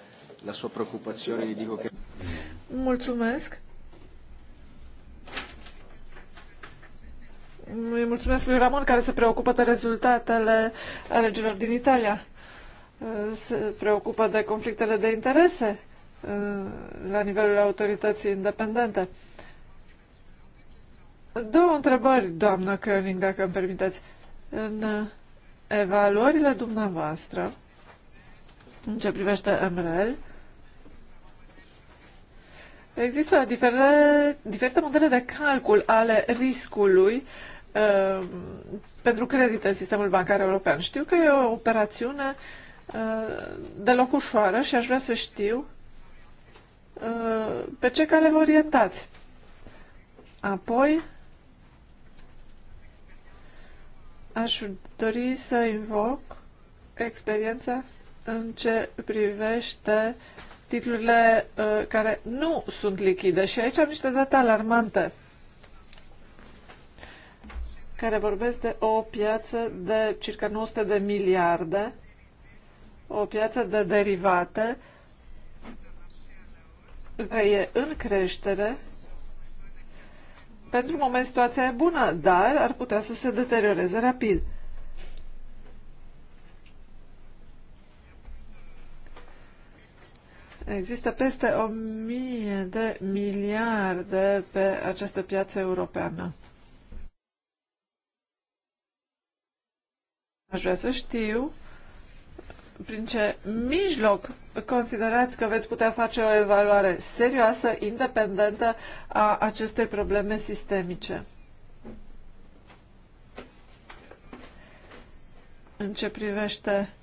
la sua preoccupazione, gli dico che... Mulțumesc. Îi mulțumesc lui Ramon care se preocupă de rezultatele alegerilor din Italia. Uh, se preocupă de conflictele de interese uh, la nivelul autorității independente. Două întrebări, doamnă Koenig, dacă îmi permiteți. În uh, evaluările dumneavoastră, în ce privește MRL, există diferite, diferite modele de calcul ale riscului uh, pentru credite în sistemul bancar european. Știu că e o operațiune uh, deloc ușoară și aș vrea să știu uh, pe ce cale vă orientați. Apoi, Aș dori să invoc experiența în ce privește titlurile uh, care nu sunt lichide. Și aici am niște date alarmante care vorbesc de o piață de circa 900 de miliarde, o piață de derivate care e în creștere pentru moment situația e bună, dar ar putea să se deterioreze rapid. Există peste o mie de miliarde pe această piață europeană. Aș vrea să știu prin ce mijloc considerați că veți putea face o evaluare serioasă, independentă a acestei probleme sistemice? În ce privește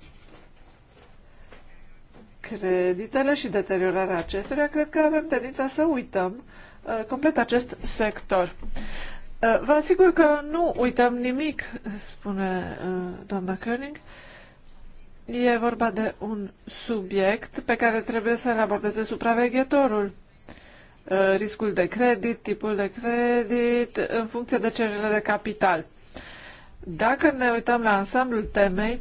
creditele și deteriorarea acestora, cred că avem tendința să uităm uh, complet acest sector. Uh, vă asigur că nu uităm nimic, spune uh, doamna Koenig. Uh, E vorba de un subiect pe care trebuie să-l abordeze supraveghetorul. Uh, riscul de credit, tipul de credit, în funcție de cererile de capital. Dacă ne uităm la ansamblul temei,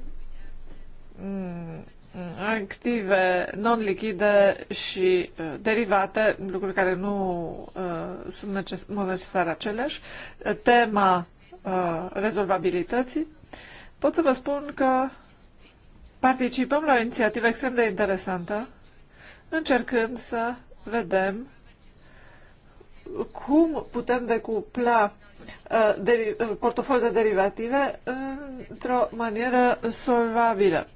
mm, active non-lichide și uh, derivate, lucruri care nu uh, sunt neces- necesar aceleași, tema rezolvabilității, pot să vă spun că Participăm la o inițiativă extrem de interesantă, încercând să vedem cum putem decupla uh, uh, portofoliul de derivative într-o manieră solvabilă.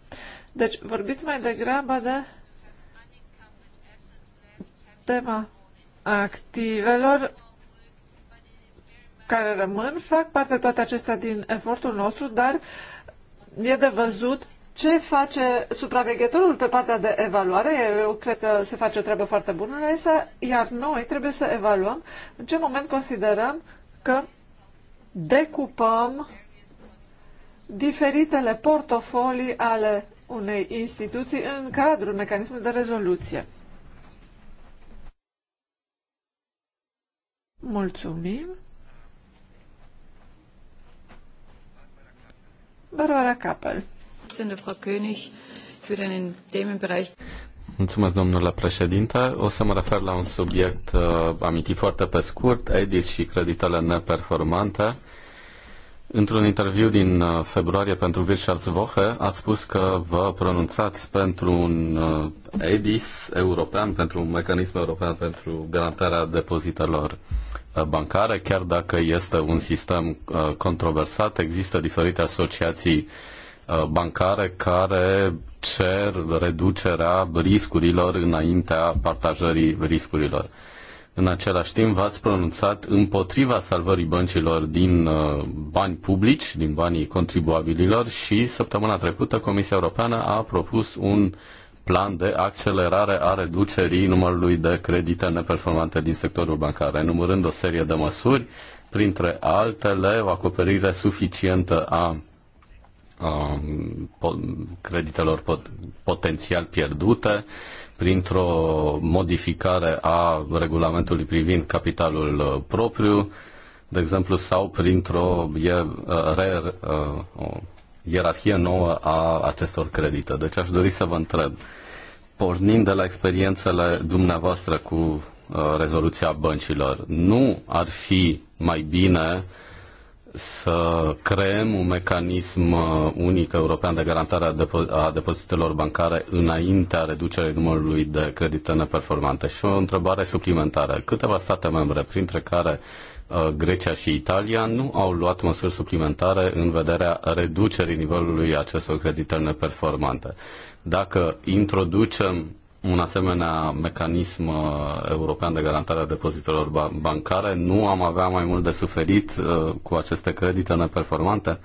Deci vorbiți mai degrabă de tema activelor care rămân, fac parte toate acestea din efortul nostru, dar e de văzut ce face supraveghetorul pe partea de evaluare? Eu cred că se face o treabă foarte bună însă iar noi trebuie să evaluăm în ce moment considerăm că decupăm diferitele portofolii ale unei instituții în cadrul mecanismului de rezoluție. Mulțumim. Barbara Capel. Vorsitzende, Frau König, für den Themenbereich. Mulțumesc, domnule președinte. O să mă refer la un subiect uh, amintit foarte pe scurt, EDIS și creditele neperformante. Într-un interviu din uh, februarie pentru Wirtschaftswoche ați spus că vă pronunțați pentru un uh, EDIS european, pentru un mecanism european pentru garantarea depozitelor uh, bancare, chiar dacă este un sistem controversat, există diferite asociații uh, Uh, bancare care cer reducerea riscurilor înaintea partajării riscurilor. În același timp, v-ați pronunțat împotriva salvării băncilor din uh, bani publici, din banii contribuabililor și săptămâna trecută Comisia Europeană a propus un plan de accelerare a reducerii numărului de credite neperformante din sectorul bancar, enumărând o serie de măsuri, printre altele o acoperire suficientă a Um, creditelor pot, potențial pierdute printr-o modificare a regulamentului privind capitalul uh, propriu, de exemplu, sau printr-o uh, uh, ierarhie nouă a acestor credite. Deci aș dori să vă întreb, pornind de la experiențele dumneavoastră cu rezoluția băncilor, nu ar fi mai bine uh, să creăm un mecanism uh, unic european de garantare a depozitelor bancare înaintea reducerii numărului de credite neperformante. Și o întrebare suplimentară. Câteva state membre, printre care uh, Grecia și Italia, nu au luat măsuri suplimentare în vederea reducerii nivelului acestor credite neperformante. Dacă introducem un asemenea mecanism uh, european de garantare a depozitelor bancare, nu am avea mai mult de suferit uh, cu aceste credite neperformante?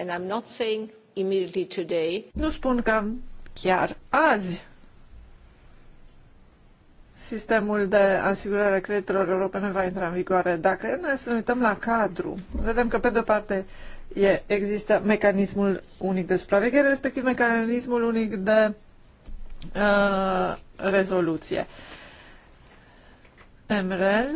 And I'm not saying immediately today. Nu spun că chiar azi sistemul de asigurare a creditelor europene va intra în vigoare. Dacă noi să ne uităm la cadru, vedem că pe de-o parte e, există mecanismul unic de supraveghere, respectiv mecanismul unic de Uh, rezoluție. MREL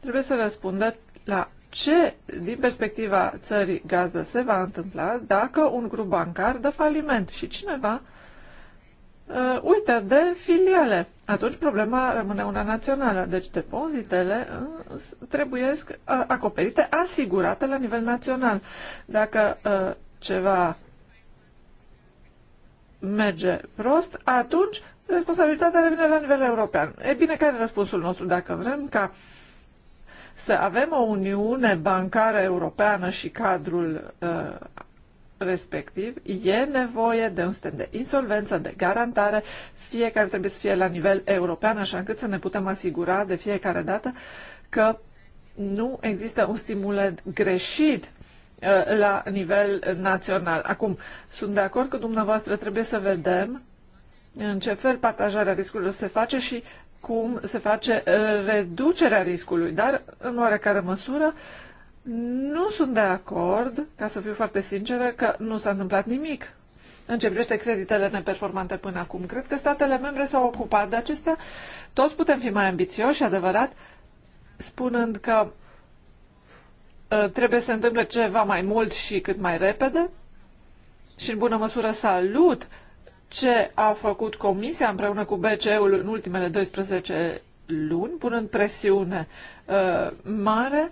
trebuie să răspundă la ce, din perspectiva țării gazdă, se va întâmpla dacă un grup bancar dă faliment și cineva uh, uită de filiale. Atunci problema rămâne una națională. Deci depozitele uh, trebuie uh, acoperite, asigurate la nivel național. Dacă uh, ceva merge prost, atunci responsabilitatea revine la nivel european. E bine, care e răspunsul nostru dacă vrem ca să avem o uniune bancară europeană și cadrul uh, respectiv, e nevoie de un sistem de insolvență, de garantare, fiecare trebuie să fie la nivel european, așa încât să ne putem asigura de fiecare dată că nu există un stimulant greșit Uh, la nivel național. Acum, sunt de acord că dumneavoastră trebuie să vedem în ce fel partajarea riscurilor se face și cum se face uh, reducerea riscului, dar în oarecare măsură nu sunt de acord, ca să fiu foarte sinceră, că nu s-a întâmplat nimic în ce privește creditele neperformante până acum. Cred că statele membre s-au ocupat de acestea. Toți putem fi mai ambițioși, adevărat, spunând că Uh, trebuie să se întâmple ceva mai mult și cât mai repede și în bună măsură salut ce a făcut Comisia împreună cu BCE-ul în ultimele 12 luni, punând presiune uh, mare.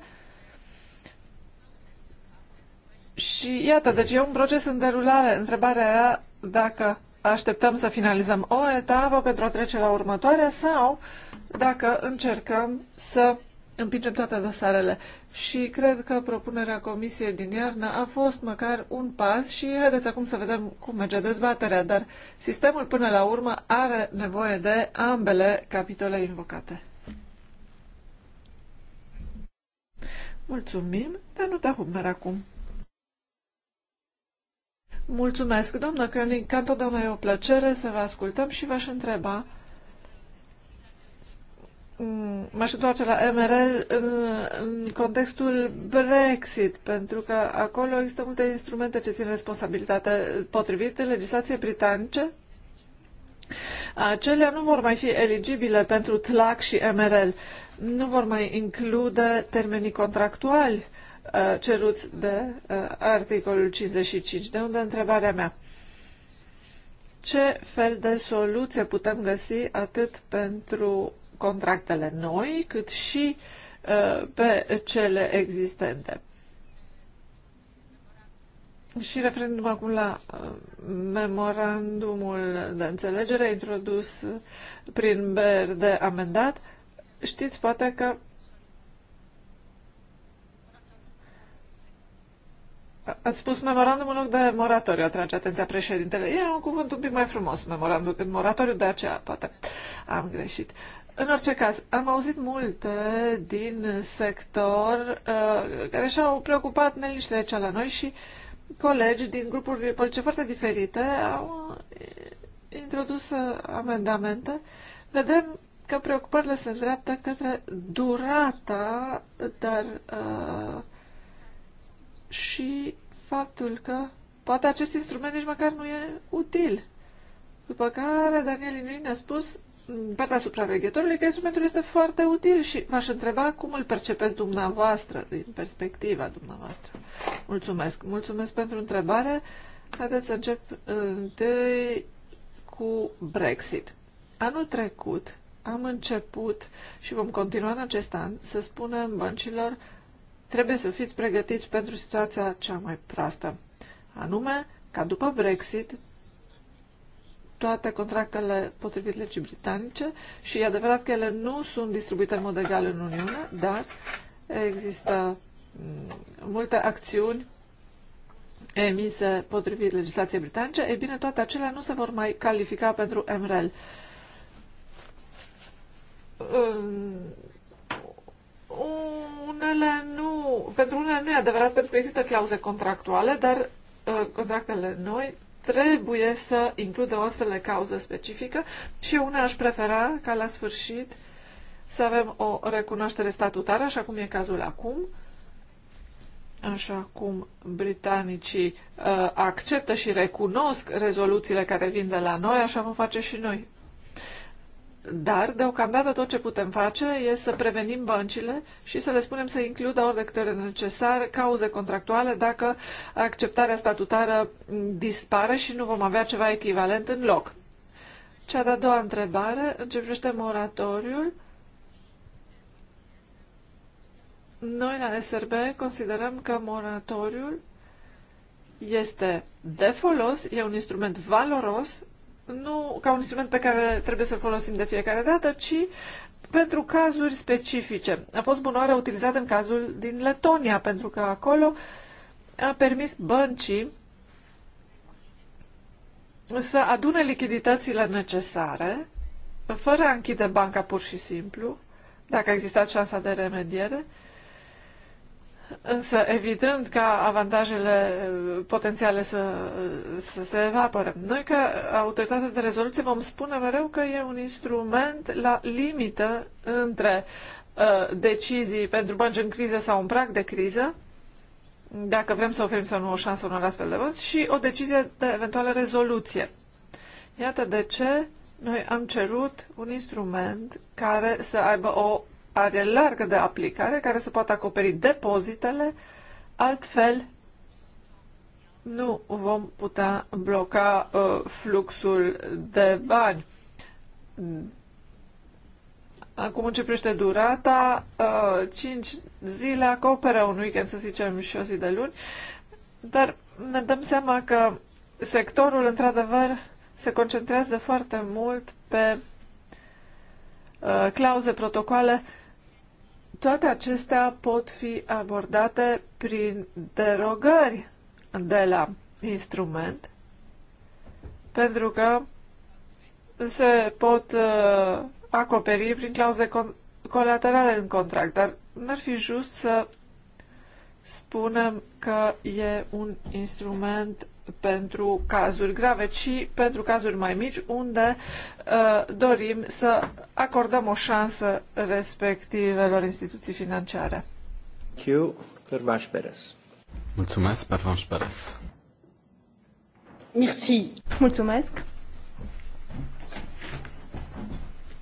Și iată, deci e un proces în derulare. Întrebarea era dacă așteptăm să finalizăm o etapă pentru a trece la următoarea sau dacă încercăm să împinge toate dosarele și cred că propunerea comisiei din iarnă a fost măcar un pas și haideți acum să vedem cum merge dezbaterea, dar sistemul până la urmă are nevoie de ambele capitole invocate. Mulțumim, dar nu te humner acum. Mulțumesc, doamnă Călin, ca întotdeauna e o plăcere să vă ascultăm și v-aș întreba Mm, m-aș întoarce la MRL în, în contextul Brexit, pentru că acolo există multe instrumente ce țin responsabilitate potrivit în legislație britanice. Acelea nu vor mai fi eligibile pentru TLAC și MRL. Nu vor mai include termenii contractuali uh, ceruți de uh, articolul 55, de unde întrebarea mea ce fel de soluție putem găsi atât pentru contractele noi, cât și uh, pe cele existente. Și referindu-mă acum la uh, memorandumul de înțelegere introdus prin BR de amendat, știți poate că Ați spus memorandum în loc de moratoriu, atrage atenția președintele. E un cuvânt un pic mai frumos, memorandum, în moratoriu, de aceea poate am greșit. Uh, în orice caz, am auzit multe din sector uh, care și-au preocupat neliniștile cea la noi și colegi din grupuri politice foarte diferite au introdus amendamente. Vedem că preocupările se îndreaptă către durata, dar uh, și faptul că poate acest instrument nici măcar nu e util. După care Daniel Inuin a spus partea supraveghetorului că instrumentul este foarte util și m-aș întreba cum îl percepeți dumneavoastră, din perspectiva dumneavoastră. Mulțumesc. Mulțumesc pentru întrebare. Haideți să încep întâi cu Brexit. Anul trecut am început și vom continua în acest an să spunem băncilor trebuie să fiți pregătiți pentru situația cea mai proastă. Anume, ca după Brexit toate contractele potrivit legii britanice și e adevărat că ele nu sunt distribuite în mod egal în Uniune, dar există mm, multe acțiuni emise potrivit legislației britanice, e bine, toate acelea nu se vor mai califica pentru MREL. Unele nu, pentru unele nu e adevărat, pentru că există clauze contractuale, dar uh, contractele noi trebuie să includă o astfel de cauză specifică și una aș prefera ca la sfârșit să avem o recunoaștere statutară, așa cum e cazul acum, așa cum britanicii uh, acceptă și recunosc rezoluțiile care vin de la noi, așa vom face și noi. Dar, deocamdată, tot ce putem face este să prevenim băncile și să le spunem să includă ori de câte ori necesar cauze contractuale dacă acceptarea statutară dispare și nu vom avea ceva echivalent în loc. Cea de-a doua întrebare, în ce privește moratoriul, noi la SRB considerăm că moratoriul este de folos, e un instrument valoros nu ca un instrument pe care trebuie să-l folosim de fiecare dată, ci pentru cazuri specifice. A fost bunoare utilizată în cazul din Letonia, pentru că acolo a permis băncii să adune lichiditățile necesare, fără a închide banca pur și simplu, dacă a existat șansa de remediere, Însă, evident ca avantajele eh, potențiale să, eh, să se evapore. Noi, ca autoritate de rezoluție, vom spune mereu că e un instrument la limită între uh, decizii pentru bănci în criză sau un prag de criză, dacă vrem să oferim sau nu o șansă unor astfel de bănci, și o decizie de eventuală rezoluție. Iată de ce noi am cerut un instrument care să aibă o are largă de aplicare care se poate acoperi depozitele, altfel nu vom putea bloca uh, fluxul de bani. Acum începește durata, uh, 5 zile acoperă un weekend, să zicem, și o zi de luni, dar ne dăm seama că sectorul, într-adevăr, se concentrează foarte mult pe uh, clauze, protocoale uh, toate acestea pot fi abordate prin derogări de la instrument, pentru că se pot uh, acoperi prin clauze con- colaterale în contract, dar n-ar fi just să spunem că e un instrument pentru cazuri grave, ci pentru cazuri mai mici, unde uh, dorim să acordăm o șansă respectivelor instituții financiare. Q. Pervaș Perez. Mulțumesc, Pervaș Perez. Merci. Mulțumesc.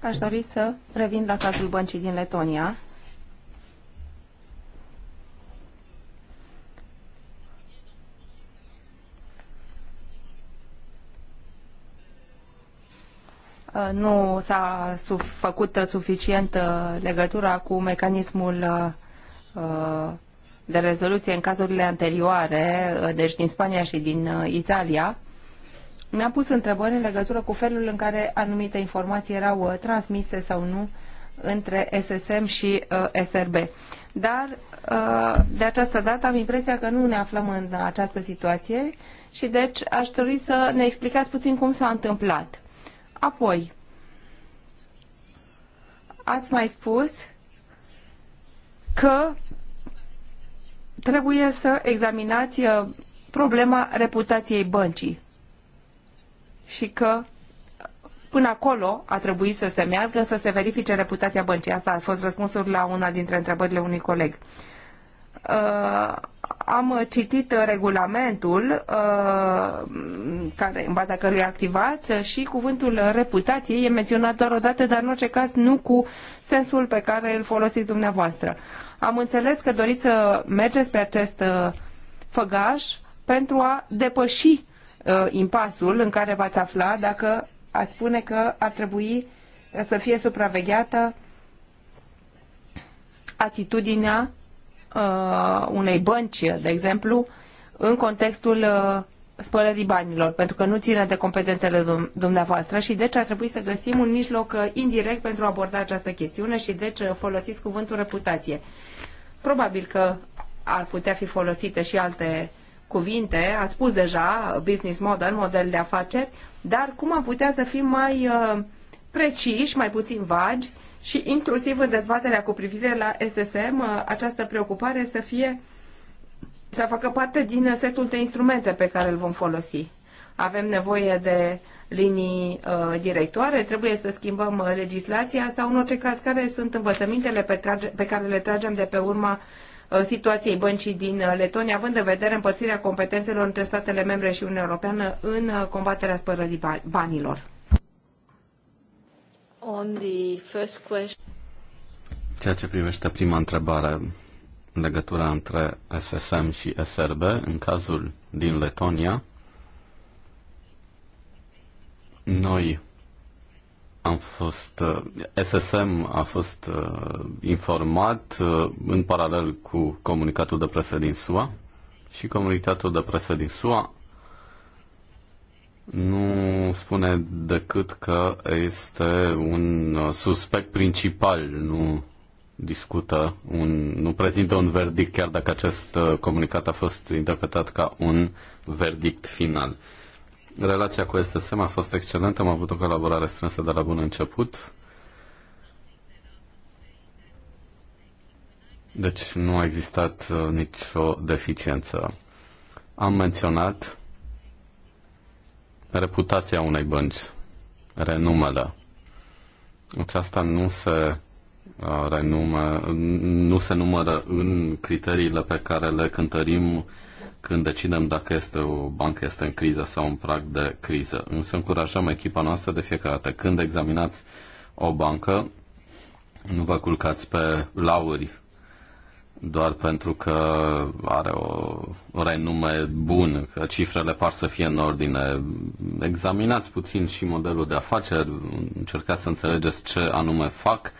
Aș dori să revin la cazul băncii din Letonia, nu s-a făcut suficient uh, legătura cu mecanismul uh, uh, de rezoluție în cazurile anterioare, deci din Spania și din Italia, ne-a pus întrebări în legătură cu felul în care anumite informații erau transmise sau nu între SSM și SRB. Dar de această dată am impresia că nu ne aflăm în această situație și deci aș dori să ne explicați puțin cum s-a întâmplat. Apoi, ați mai spus că trebuie să examinați uh, problema reputației băncii și că uh, până acolo a trebuit să se meargă, să se verifice reputația băncii. Asta a fost răspunsul la una dintre întrebările unui coleg. Uh, am citit regulamentul uh, care, în baza căruia activați și cuvântul reputație e menționat doar o dată, dar în orice caz nu cu sensul pe care îl folosiți dumneavoastră. Am înțeles că doriți să mergeți pe acest uh, făgaș pentru a depăși uh, impasul în care v-ați afla dacă ați spune că ar trebui să fie supravegheată atitudinea uh, unei bănci, de exemplu, în contextul uh, spălării banilor, pentru că nu ține de competențele dum- dumneavoastră și deci ar trebui să găsim un mijloc uh, indirect pentru a aborda această chestiune și deci uh, folosiți cuvântul reputație. Probabil că ar putea fi folosite și alte cuvinte, A spus deja uh, business model, model de afaceri, dar cum am putea să fim mai uh, preciși, mai puțin vagi și inclusiv în dezbaterea cu privire la SSM, această preocupare să fie să facă parte din setul de instrumente pe care îl vom folosi. Avem nevoie de linii uh, directoare, trebuie să schimbăm uh, legislația sau în orice caz care sunt învățămintele pe, trage, pe care le tragem de pe urma uh, situației băncii din uh, Letonia, având în vedere împărțirea competențelor între statele membre și Uniunea Europeană în uh, combaterea spărării banilor. Ceea ce privește prima întrebare, legătura între SSM și SRB, în cazul din Letonia, noi am fost, uh, SSM a fost uh, informat uh, în paralel cu comunicatul de presă din SUA și comunicatul de presă din SUA nu spune decât că este un uh, suspect principal, nu discută, un, nu prezintă un verdict, chiar dacă acest uh, comunicat a fost interpretat ca un verdict final. Relația cu SSM a fost excelentă, am avut o colaborare strânsă de la bun început. Deci nu a existat uh, nicio deficiență. Am menționat reputația unei bănci, renumele. Aceasta nu se uh, renume, nu se numără în criteriile pe care le cântărim când decidem dacă este o bancă este în criză sau în prag de criză. Însă încurajăm echipa noastră de fiecare dată. Când examinați o bancă, nu vă culcați pe lauri doar pentru că are o renume bună, că cifrele par să fie în ordine. Examinați puțin și modelul de afaceri, încercați să înțelegeți ce anume fac,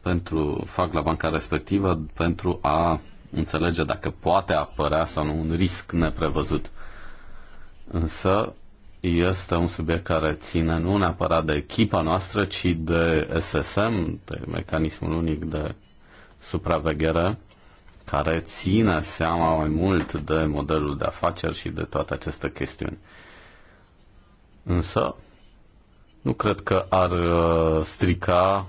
pentru, fac la banca respectivă pentru a înțelege dacă poate apărea sau nu un risc neprevăzut. Însă este un subiect care ține nu neapărat de echipa noastră, ci de SSM, de mecanismul unic de supraveghere care țină seama mai mult de modelul de afaceri și de toate aceste chestiuni. Însă, nu cred că ar uh, strica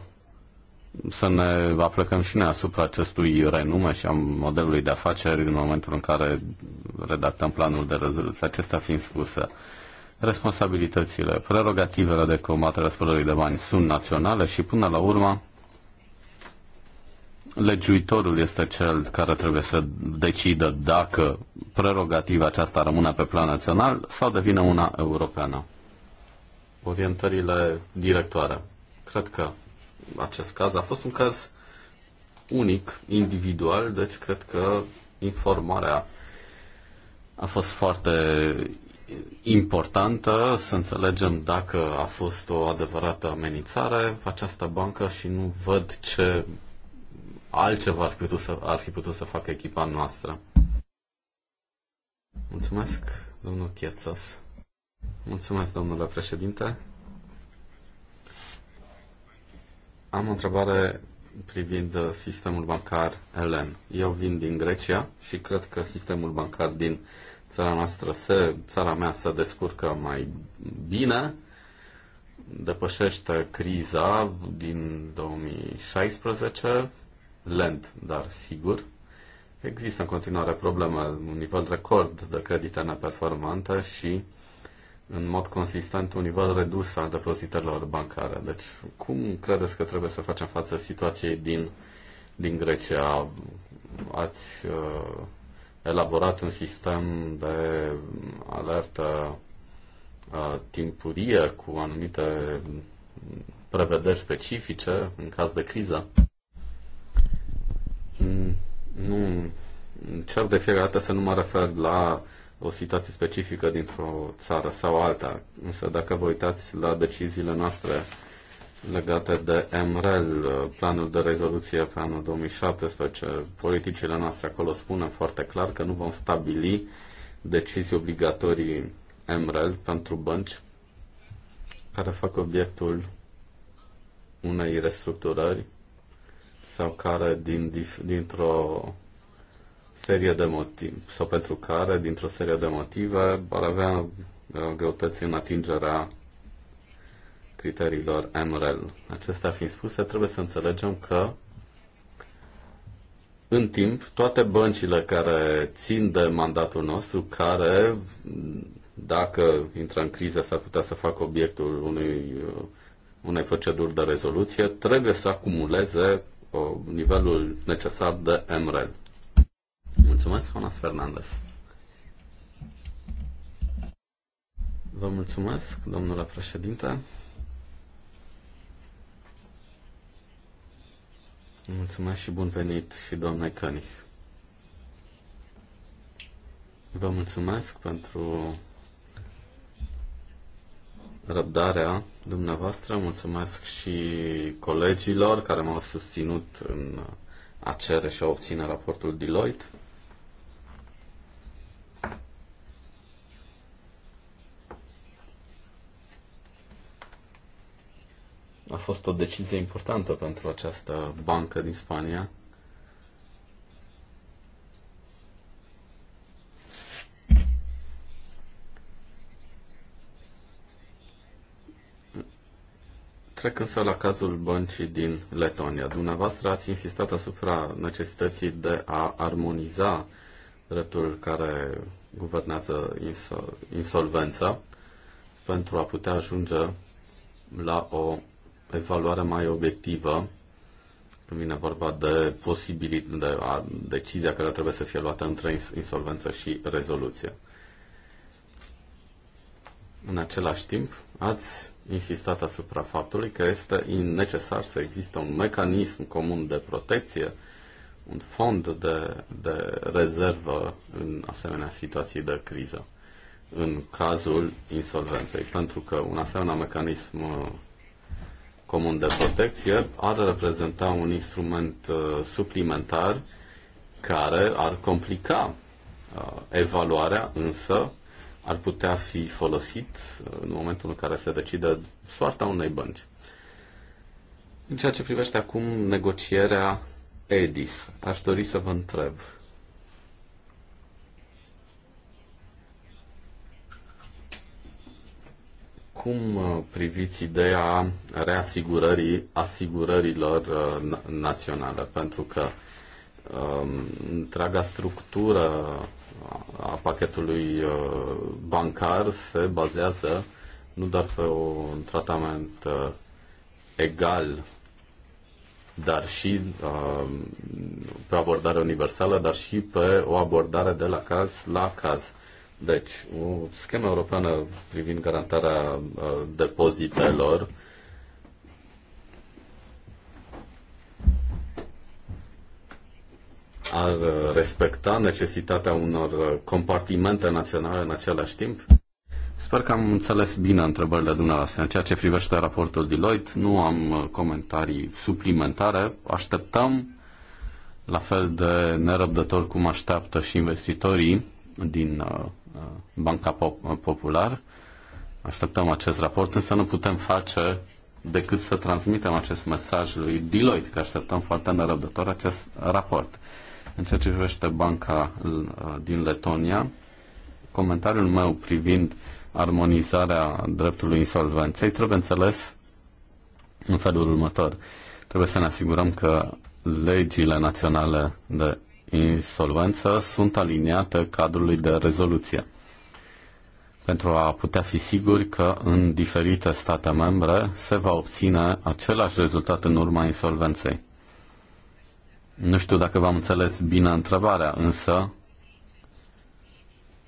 să ne aplecăm și ne asupra acestui renume și a modelului de afaceri în momentul în care redactăm planul de rezoluție. Acestea fiind spusă, responsabilitățile, prerogativele de combatere a spălării de bani sunt naționale și până la urmă legiuitorul este cel care trebuie să decidă dacă prerogativa aceasta rămâne pe plan național sau devine una europeană. Orientările directoare. Cred că acest caz a fost un caz unic, individual, deci cred că informarea a fost foarte importantă să înțelegem dacă a fost o adevărată amenințare această bancă și nu văd ce altceva ar, putut să, ar fi putut să facă echipa noastră. Mulțumesc, domnul Chiețos. Mulțumesc, domnule președinte. Am o întrebare privind uh, sistemul bancar elen. Eu vin din Grecia și cred că sistemul bancar din țara noastră, se, țara mea se descurcă mai bine, depășește criza din 2016, lent, dar sigur. Există în continuare probleme, un nivel record de credite neperformante și în mod consistent un nivel redus al depozitelor bancare. Deci, cum credeți că trebuie să facem față situației din, din Grecia? Ați uh, elaborat un sistem de alertă uh, timpurie cu anumite prevederi specifice în caz de criză? Nu, cer de fiecare dată să nu mă refer la o situație specifică dintr-o țară sau alta, însă dacă vă uitați la deciziile noastre legate de MREL, planul de rezoluție pe anul 2017, politicile noastre acolo spune foarte clar că nu vom stabili decizii obligatorii MREL pentru bănci care fac obiectul unei restructurări sau care din, dintr-o serie de motive sau pentru care dintr-o serie de motive ar avea uh, greutăți în atingerea criteriilor MREL. Acestea fiind spuse, trebuie să înțelegem că în timp, toate băncile care țin de mandatul nostru, care, dacă intră în criză, s-ar putea să facă obiectul unui, uh, unei proceduri de rezoluție, trebuie să acumuleze nivelul necesar de MREL. Mulțumesc, Jonas Fernandez. Vă mulțumesc, domnule președinte. Mulțumesc și bun venit și doamnei Cănih. Vă mulțumesc pentru răbdarea dumneavoastră. Mulțumesc și colegilor care m-au susținut în a cere și a obține raportul Deloitte. A fost o decizie importantă pentru această bancă din Spania. Trec însă la cazul băncii din Letonia. Dumneavoastră ați insistat asupra necesității de a armoniza dreptul care guvernează insolvența pentru a putea ajunge la o evaluare mai obiectivă când vine vorba de, posibilit- de a, decizia care trebuie să fie luată între insolvență și rezoluție. În același timp, ați insistat asupra faptului că este necesar să existe un mecanism comun de protecție, un fond de, de rezervă în asemenea situații de criză, în cazul insolvenței, pentru că un asemenea mecanism uh, comun de protecție ar reprezenta un instrument uh, suplimentar care ar complica uh, evaluarea, însă ar putea fi folosit uh, în momentul în care se decide soarta unei bănci. În ceea ce privește acum negocierea EDIS, aș dori să vă întreb. Cum uh, priviți ideea reasigurării asigurărilor uh, naționale? Pentru că um, întreaga structură a pachetului uh, bancar se bazează nu doar pe un tratament uh, egal, dar și uh, pe abordare universală, dar și pe o abordare de la caz la caz. Deci, o schemă europeană privind garantarea depozitelor ar respecta necesitatea unor compartimente naționale în același timp? Sper că am înțeles bine întrebările dumneavoastră. În ceea ce privește raportul Deloitte, nu am comentarii suplimentare. Așteptăm, la fel de nerăbdător cum așteaptă și investitorii din uh, Banca uh, Popular, așteptăm acest raport, însă nu putem face decât să transmitem acest mesaj lui Deloitte, că așteptăm foarte nerăbdător acest raport. În ceea ce privește banca uh, din Letonia, comentariul meu privind armonizarea dreptului insolvenței trebuie înțeles în felul următor. Trebuie să ne asigurăm că legile naționale de insolvență sunt aliniate cadrului de rezoluție pentru a putea fi siguri că în diferite state membre se va obține același rezultat în urma insolvenței. Nu știu dacă v-am înțeles bine întrebarea, însă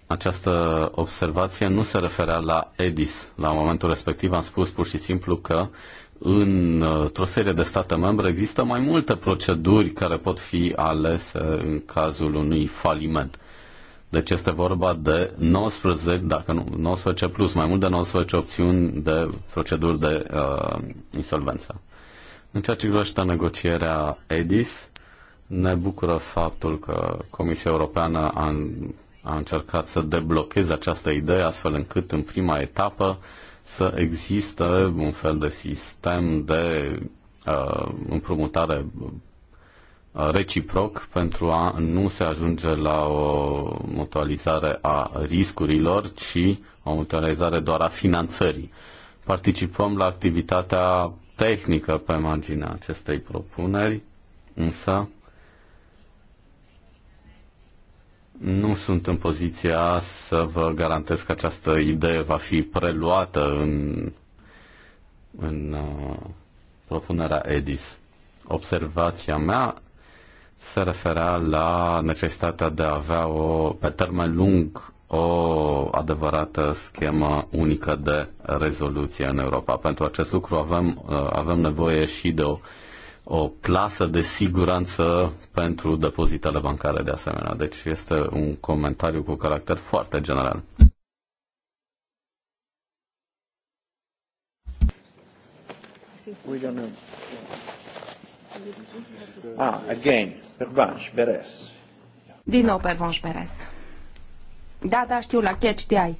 această observație nu se referea la EDIS. La momentul respectiv am spus pur și simplu că în o serie de state membre există mai multe proceduri care pot fi alese în cazul unui faliment. Deci este vorba de 19, dacă nu, 19 plus, mai mult de 19 opțiuni de proceduri de uh, insolvență. În ceea ce privește negocierea EDIS, ne bucură faptul că Comisia Europeană a, a încercat să deblocheze această idee astfel încât în prima etapă să există un fel de sistem de uh, împrumutare uh, reciproc pentru a nu se ajunge la o mutualizare a riscurilor, ci o mutualizare doar a finanțării. Participăm la activitatea tehnică pe marginea acestei propuneri, însă Nu sunt în poziția să vă garantez că această idee va fi preluată în, în uh, propunerea EDIS. Observația mea se referea la necesitatea de a avea o, pe termen lung o adevărată schemă unică de rezoluție în Europa. Pentru acest lucru avem, uh, avem nevoie și de o uh, o plasă de siguranță pentru depozitele bancare de asemenea. Deci este un comentariu cu caracter foarte general. Ah, again, Din nou Pervanș Beres. Da, da, știu, la ce ai.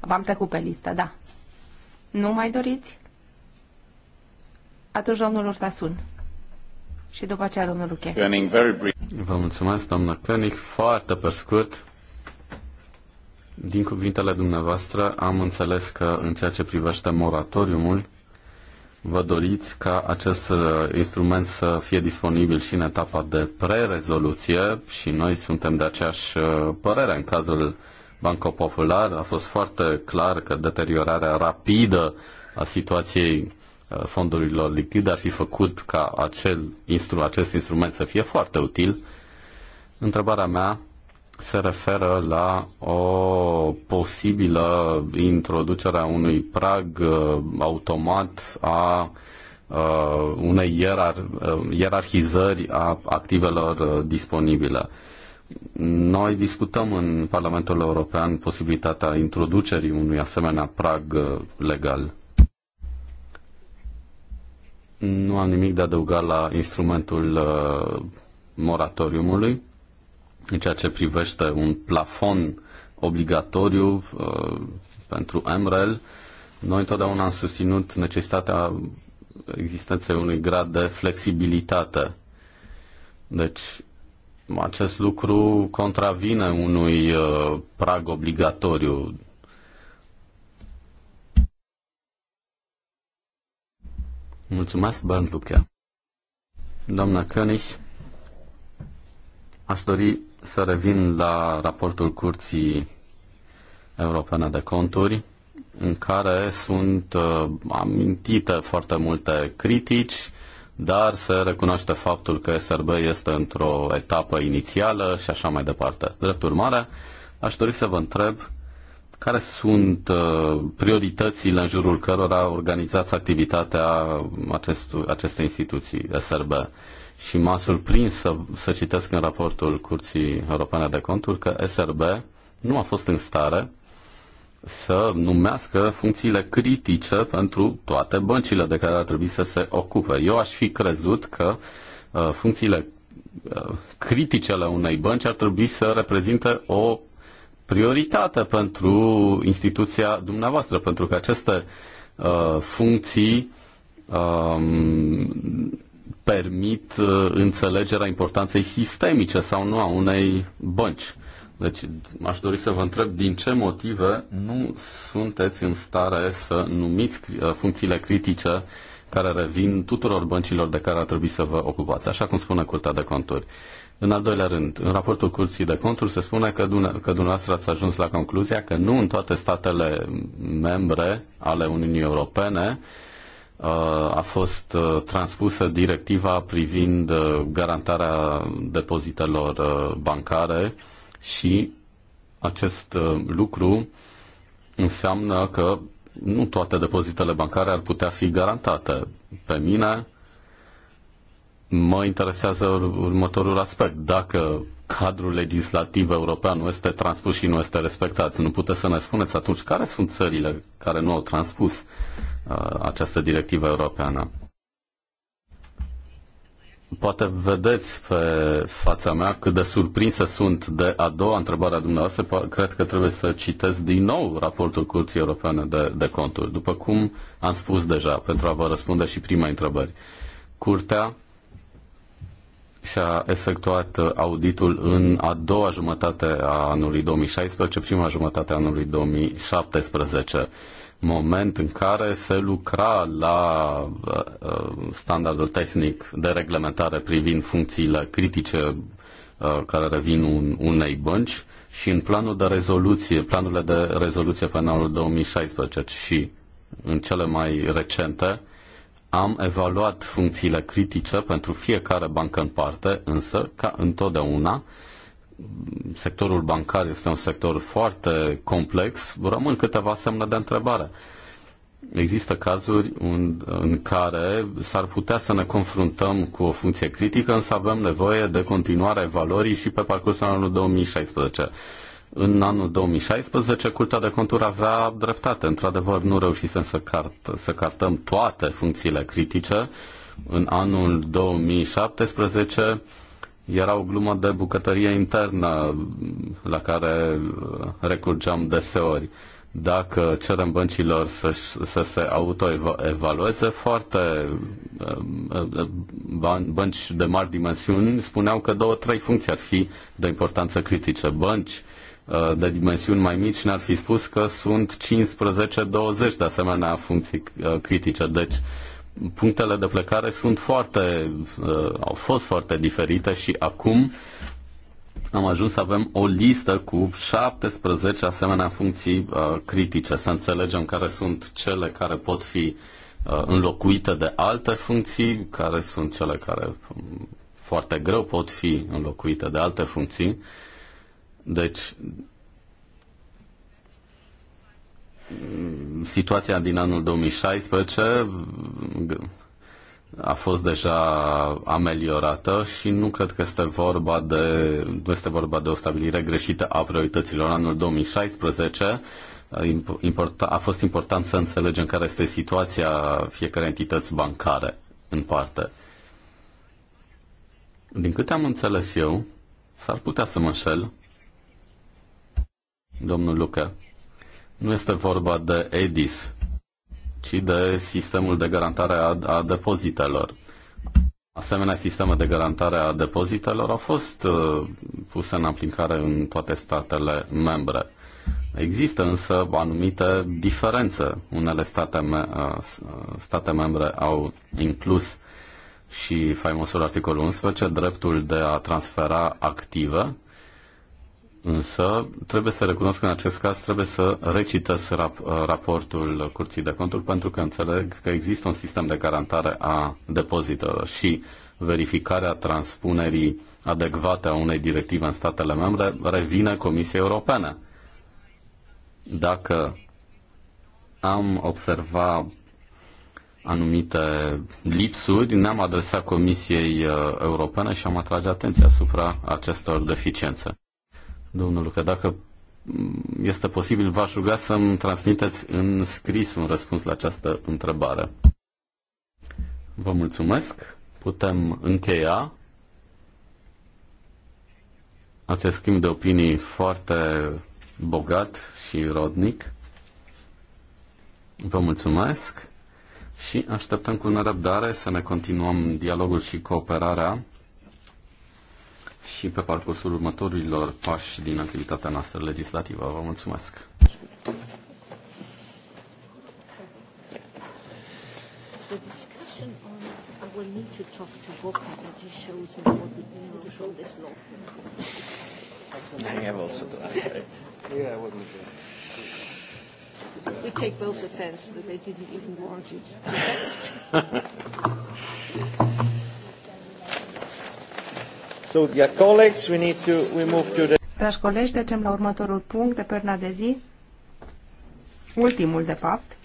V-am trecut pe listă, da. Nu mai doriți? Atunci domnul Urtasun și după aceea domnul Luche. Vă mulțumesc, doamnă Koenig. Foarte pe scurt, din cuvintele dumneavoastră am înțeles că în ceea ce privește moratoriumul, vă doriți ca acest uh, instrument să fie disponibil și în etapa de prerezoluție și noi suntem de aceeași uh, părere în cazul Banco Popular. A fost foarte clar că deteriorarea rapidă a situației Uh, fondurilor lichide ar fi făcut ca acel instru, acest instrument să fie foarte util. Întrebarea mea se referă la o posibilă introducere a unui prag uh, automat a uh, unei ierar, ierarhizări a activelor disponibile. Noi discutăm în Parlamentul European posibilitatea introducerii unui asemenea prag legal. Nu am nimic de adăugat la instrumentul uh, moratoriumului, în ceea ce privește un plafon obligatoriu uh, pentru MREL. Noi întotdeauna am susținut necesitatea existenței unui grad de flexibilitate. Deci, acest lucru contravine unui uh, prag obligatoriu. Mulțumesc, Bernd Luchea. Doamna König, aș dori să revin la raportul Curții Europene de Conturi, în care sunt uh, amintite foarte multe critici, dar se recunoaște faptul că SRB este într-o etapă inițială și așa mai departe. Drept urmare, aș dori să vă întreb care sunt uh, prioritățile în jurul cărora organizați activitatea acestu, acestei instituții, SRB? Și m-a surprins să, să citesc în raportul Curții Europene de Conturi că SRB nu a fost în stare să numească funcțiile critice pentru toate băncile de care ar trebui să se ocupe. Eu aș fi crezut că uh, funcțiile uh, critice ale unei bănci ar trebui să reprezinte o prioritate pentru instituția dumneavoastră, pentru că aceste uh, funcții um, permit uh, înțelegerea importanței sistemice sau nu a unei bănci. Deci aș dori să vă întreb din ce motive nu sunteți în stare să numiți uh, funcțiile critice care revin tuturor băncilor de care ar trebui să vă ocupați, așa cum spune Curtea de Conturi. Uh, în al doilea rând, în raportul Curții de Conturi se spune că, dun- că dumneavoastră ați ajuns la concluzia că nu în toate statele membre ale Uniunii Europene uh, a fost uh, transpusă directiva privind uh, garantarea depozitelor bancare și acest lucru înseamnă că nu toate depozitele bancare ar putea fi garantate. Pe mine mă interesează următorul aspect. Dacă cadrul legislativ european nu este transpus și nu este respectat, nu puteți să ne spuneți atunci care sunt țările care nu au transpus uh, această directivă europeană? Poate vedeți pe fața mea cât de surprinsă sunt de a doua întrebare a dumneavoastră. Cred că trebuie să citesc din nou raportul Curții Europene de, de Conturi. După cum am spus deja, pentru a vă răspunde și prima întrebări. Curtea și-a efectuat uh, auditul în a doua jumătate a anului 2016, prima jumătate a anului 2017 moment în care se lucra la uh, uh, standardul tehnic de reglementare privind funcțiile critice care revin unei bănci și în planul de rezoluție, planurile de rezoluție pe anul 2016 și în cele mai recente, am evaluat funcțiile critice pentru fiecare bancă în parte, însă, ca întotdeauna, sectorul bancar este un sector foarte complex, rămân câteva semne de întrebare. Există cazuri în care s-ar putea să ne confruntăm cu o funcție critică, însă avem nevoie de continuarea valorii și pe parcursul anului 2016. În anul 2016, Curtea de Conturi avea dreptate. Într-adevăr, nu reușisem să, cart, să cartăm toate funcțiile critice. În anul 2017 era o glumă de bucătărie internă la care uh, recurgeam deseori dacă cerem băncilor să, să se autoevalueze, foarte uh, uh, bănci de mari dimensiuni spuneau că două, trei funcții ar fi de importanță critice. Bănci Uh, de dimensiuni mai mici ne-ar fi spus că sunt 15-20 de asemenea funcții uh, critice. Deci punctele de plecare sunt foarte, uh, au fost foarte diferite și acum am ajuns să avem o listă cu 17 asemenea funcții critice, să înțelegem care sunt cele care pot fi înlocuite de alte funcții, care sunt cele care um, foarte greu pot fi înlocuite de alte funcții deci, situația din anul 2016 a fost deja ameliorată și nu cred că este vorba de, nu este vorba de o stabilire greșită a priorităților. Anul 2016 a fost important să înțelegem care este situația fiecare entități bancare în parte. Din câte am înțeles eu, s-ar putea să mă înșel, domnul Luca, nu este vorba de EDIS, ci de sistemul de garantare a, a depozitelor. Asemenea, sisteme de garantare a depozitelor au fost uh, puse în aplicare în toate statele membre. Există însă anumite diferențe. Unele state, me- uh, uh, state membre au inclus și faimosul articol 11, dreptul de a transfera active Însă, trebuie să recunosc că în acest caz trebuie să recitesc rap- raportul Curții de Conturi pentru că înțeleg că există un sistem de garantare a depozitelor și verificarea transpunerii adecvate a unei directive în statele membre revine Comisiei Europene. Dacă am observat anumite lipsuri, ne-am adresat Comisiei uh, Europene și am atrage atenția asupra acestor deficiențe. Domnul Luca, dacă este posibil, v-aș ruga să-mi transmiteți în scris un răspuns la această întrebare. Vă mulțumesc. Putem încheia acest schimb de opinii foarte bogat și rodnic. Vă mulțumesc și așteptăm cu nerăbdare să ne continuăm dialogul și cooperarea și pe parcursul următorilor pași din activitatea noastră legislativă. Vă mulțumesc! will need We take both offense that they didn't even warrant it. So, dear colleagues, we need to, we move to the... Dragi colegi, trecem la următorul punct de perna de zi. Ultimul, de fapt.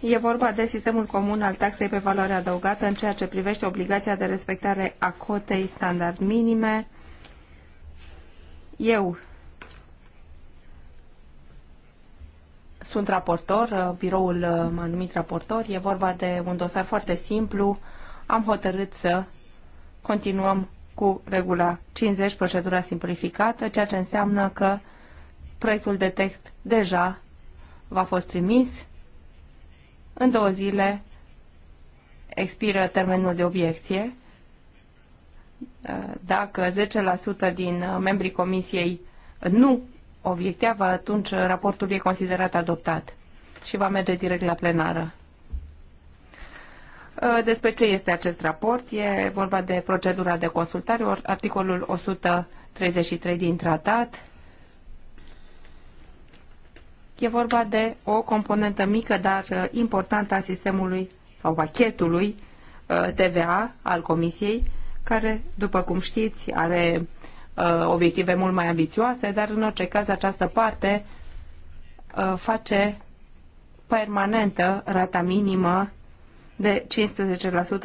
E vorba de sistemul comun al taxei pe valoare adăugată în ceea ce privește obligația de respectare a cotei standard minime. Eu sunt raportor, uh, biroul uh, m-a numit raportor, e vorba de un dosar foarte simplu. Am hotărât să continuăm cu regula 50, procedura simplificată, ceea ce înseamnă că proiectul de text deja va fost trimis. În două zile expiră termenul de obiecție. Uh, dacă 10% din membrii comisiei nu va atunci raportul e considerat adoptat și va merge direct la plenară. Uh, despre ce este acest raport? E vorba de procedura de consultare, articolul 133 din tratat. E vorba de o componentă mică, dar uh, importantă a sistemului sau pachetului uh, TVA al Comisiei, care, după cum știți, are Uh, obiective mult mai ambițioase, dar în orice caz această parte uh, face permanentă rata minimă de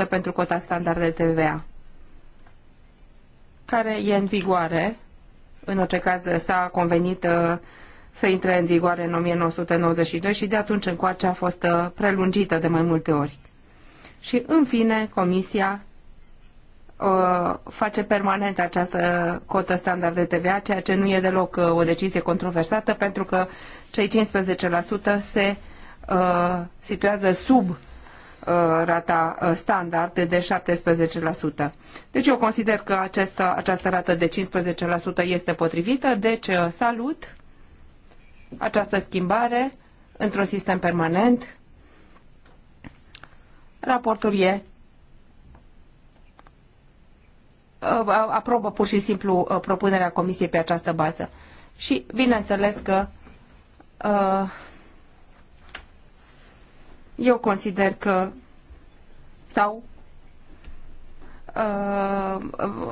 15% pentru cota standard de TVA, care e în vigoare. În orice caz s-a convenit uh, să intre în vigoare în 1992 și de atunci încoace a fost prelungită de mai multe ori. Și în fine, Comisia Uh, face permanent această cotă standard de TVA, ceea ce nu e deloc uh, o decizie controversată, pentru că cei 15% se uh, situează sub uh, rata uh, standard de 17%. Deci eu consider că această, această rată de 15% este potrivită, deci salut această schimbare într-un sistem permanent. Raportul e Uh, aprobă pur și simplu uh, propunerea Comisiei pe această bază. Și bineînțeles că uh, eu consider că sau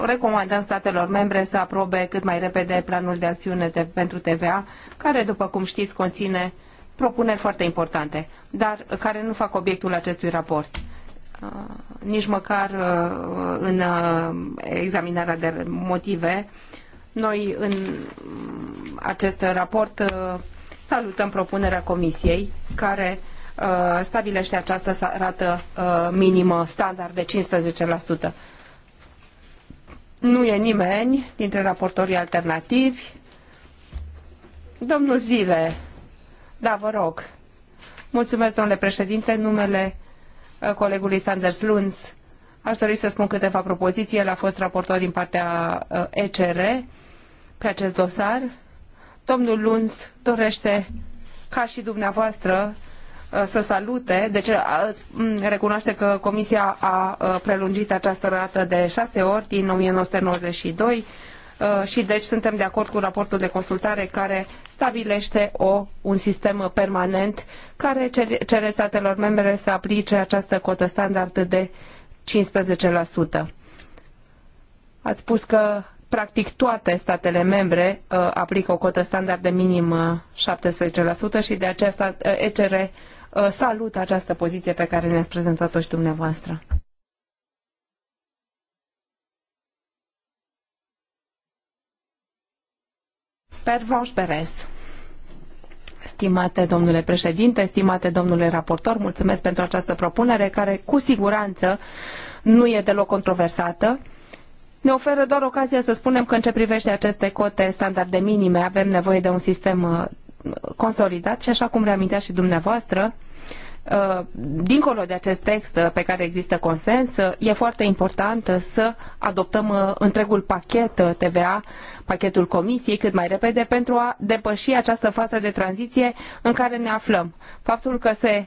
recomandăm statelor membre să aprobe cât mai repede planul de acțiune de, pentru TVA, care, după cum știți, conține propuneri foarte importante, dar care nu fac obiectul acestui raport. Uh, nici măcar uh, în uh, examinarea de motive. Noi în acest raport salutăm propunerea Comisiei care stabilește această rată minimă standard de 15%. Nu e nimeni dintre raportorii alternativi. Domnul Zile, da, vă rog. Mulțumesc, domnule președinte, numele Uh, colegului Sanders Luns. Aș dori să spun câteva propoziții. El a fost raportor din partea uh, ECR pe acest dosar. Domnul Luns dorește ca și dumneavoastră uh, să salute, deci recunoaște că Comisia a prelungit această rată de șase ori din 1992 Uh, și deci suntem de acord cu raportul de consultare care stabilește o, un sistem permanent care cere statelor membre să aplice această cotă standard de 15%. Ați spus că practic toate statele membre uh, aplică o cotă standard de minim uh, 17% și de aceasta uh, ECR salută această poziție pe care ne-ați prezentat-o și dumneavoastră. Pervanș Berez. Stimate domnule președinte, stimate domnule raportor, mulțumesc pentru această propunere care cu siguranță nu e deloc controversată. Ne oferă doar ocazia să spunem că în ce privește aceste cote standarde minime avem nevoie de un sistem uh, consolidat și așa cum reamintea și dumneavoastră, Uh, dincolo de acest text uh, pe care există consens, uh, e foarte important să adoptăm întregul pachet TVA, pachetul Comisiei, cât mai repede, pentru a depăși această fază de tranziție în care ne aflăm. Faptul că se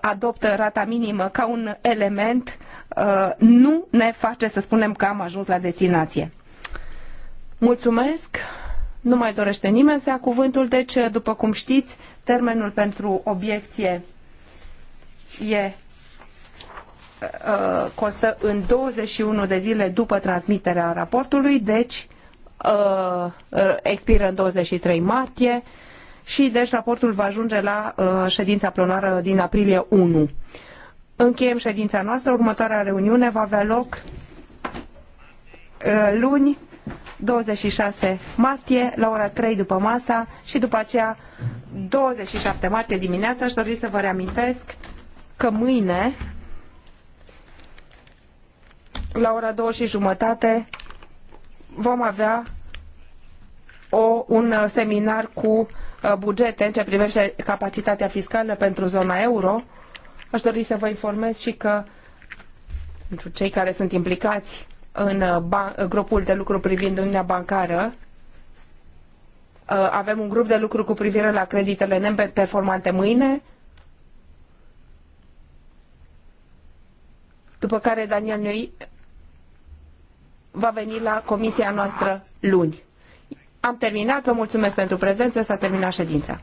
adoptă rata minimă ca un element nu ne face să spunem că am ajuns la destinație. Mulțumesc! Nu mai dorește nimeni să ia cuvântul, deci, după cum știți, termenul pentru obiecție e uh, constă în 21 de zile după transmiterea raportului, deci uh, uh, expiră în 23 martie și deci raportul va ajunge la ședința plenară din aprilie 1. Încheiem ședința noastră, următoarea reuniune va avea loc luni 26 martie la ora 3 după masa și după aceea 27 martie dimineața aș dori să vă reamintesc că mâine, la ora două și jumătate, vom avea o, un uh, seminar cu uh, bugete în ce privește capacitatea fiscală pentru zona euro. Aș dori să vă informez și că pentru cei care sunt implicați în uh, grupul de lucru privind Uniunea Bancară, avem un grup de lucru cu privire la creditele neperformante mâine, după care Daniel Noi va veni la comisia noastră luni. Am terminat, vă mulțumesc pentru prezență, s-a terminat ședința.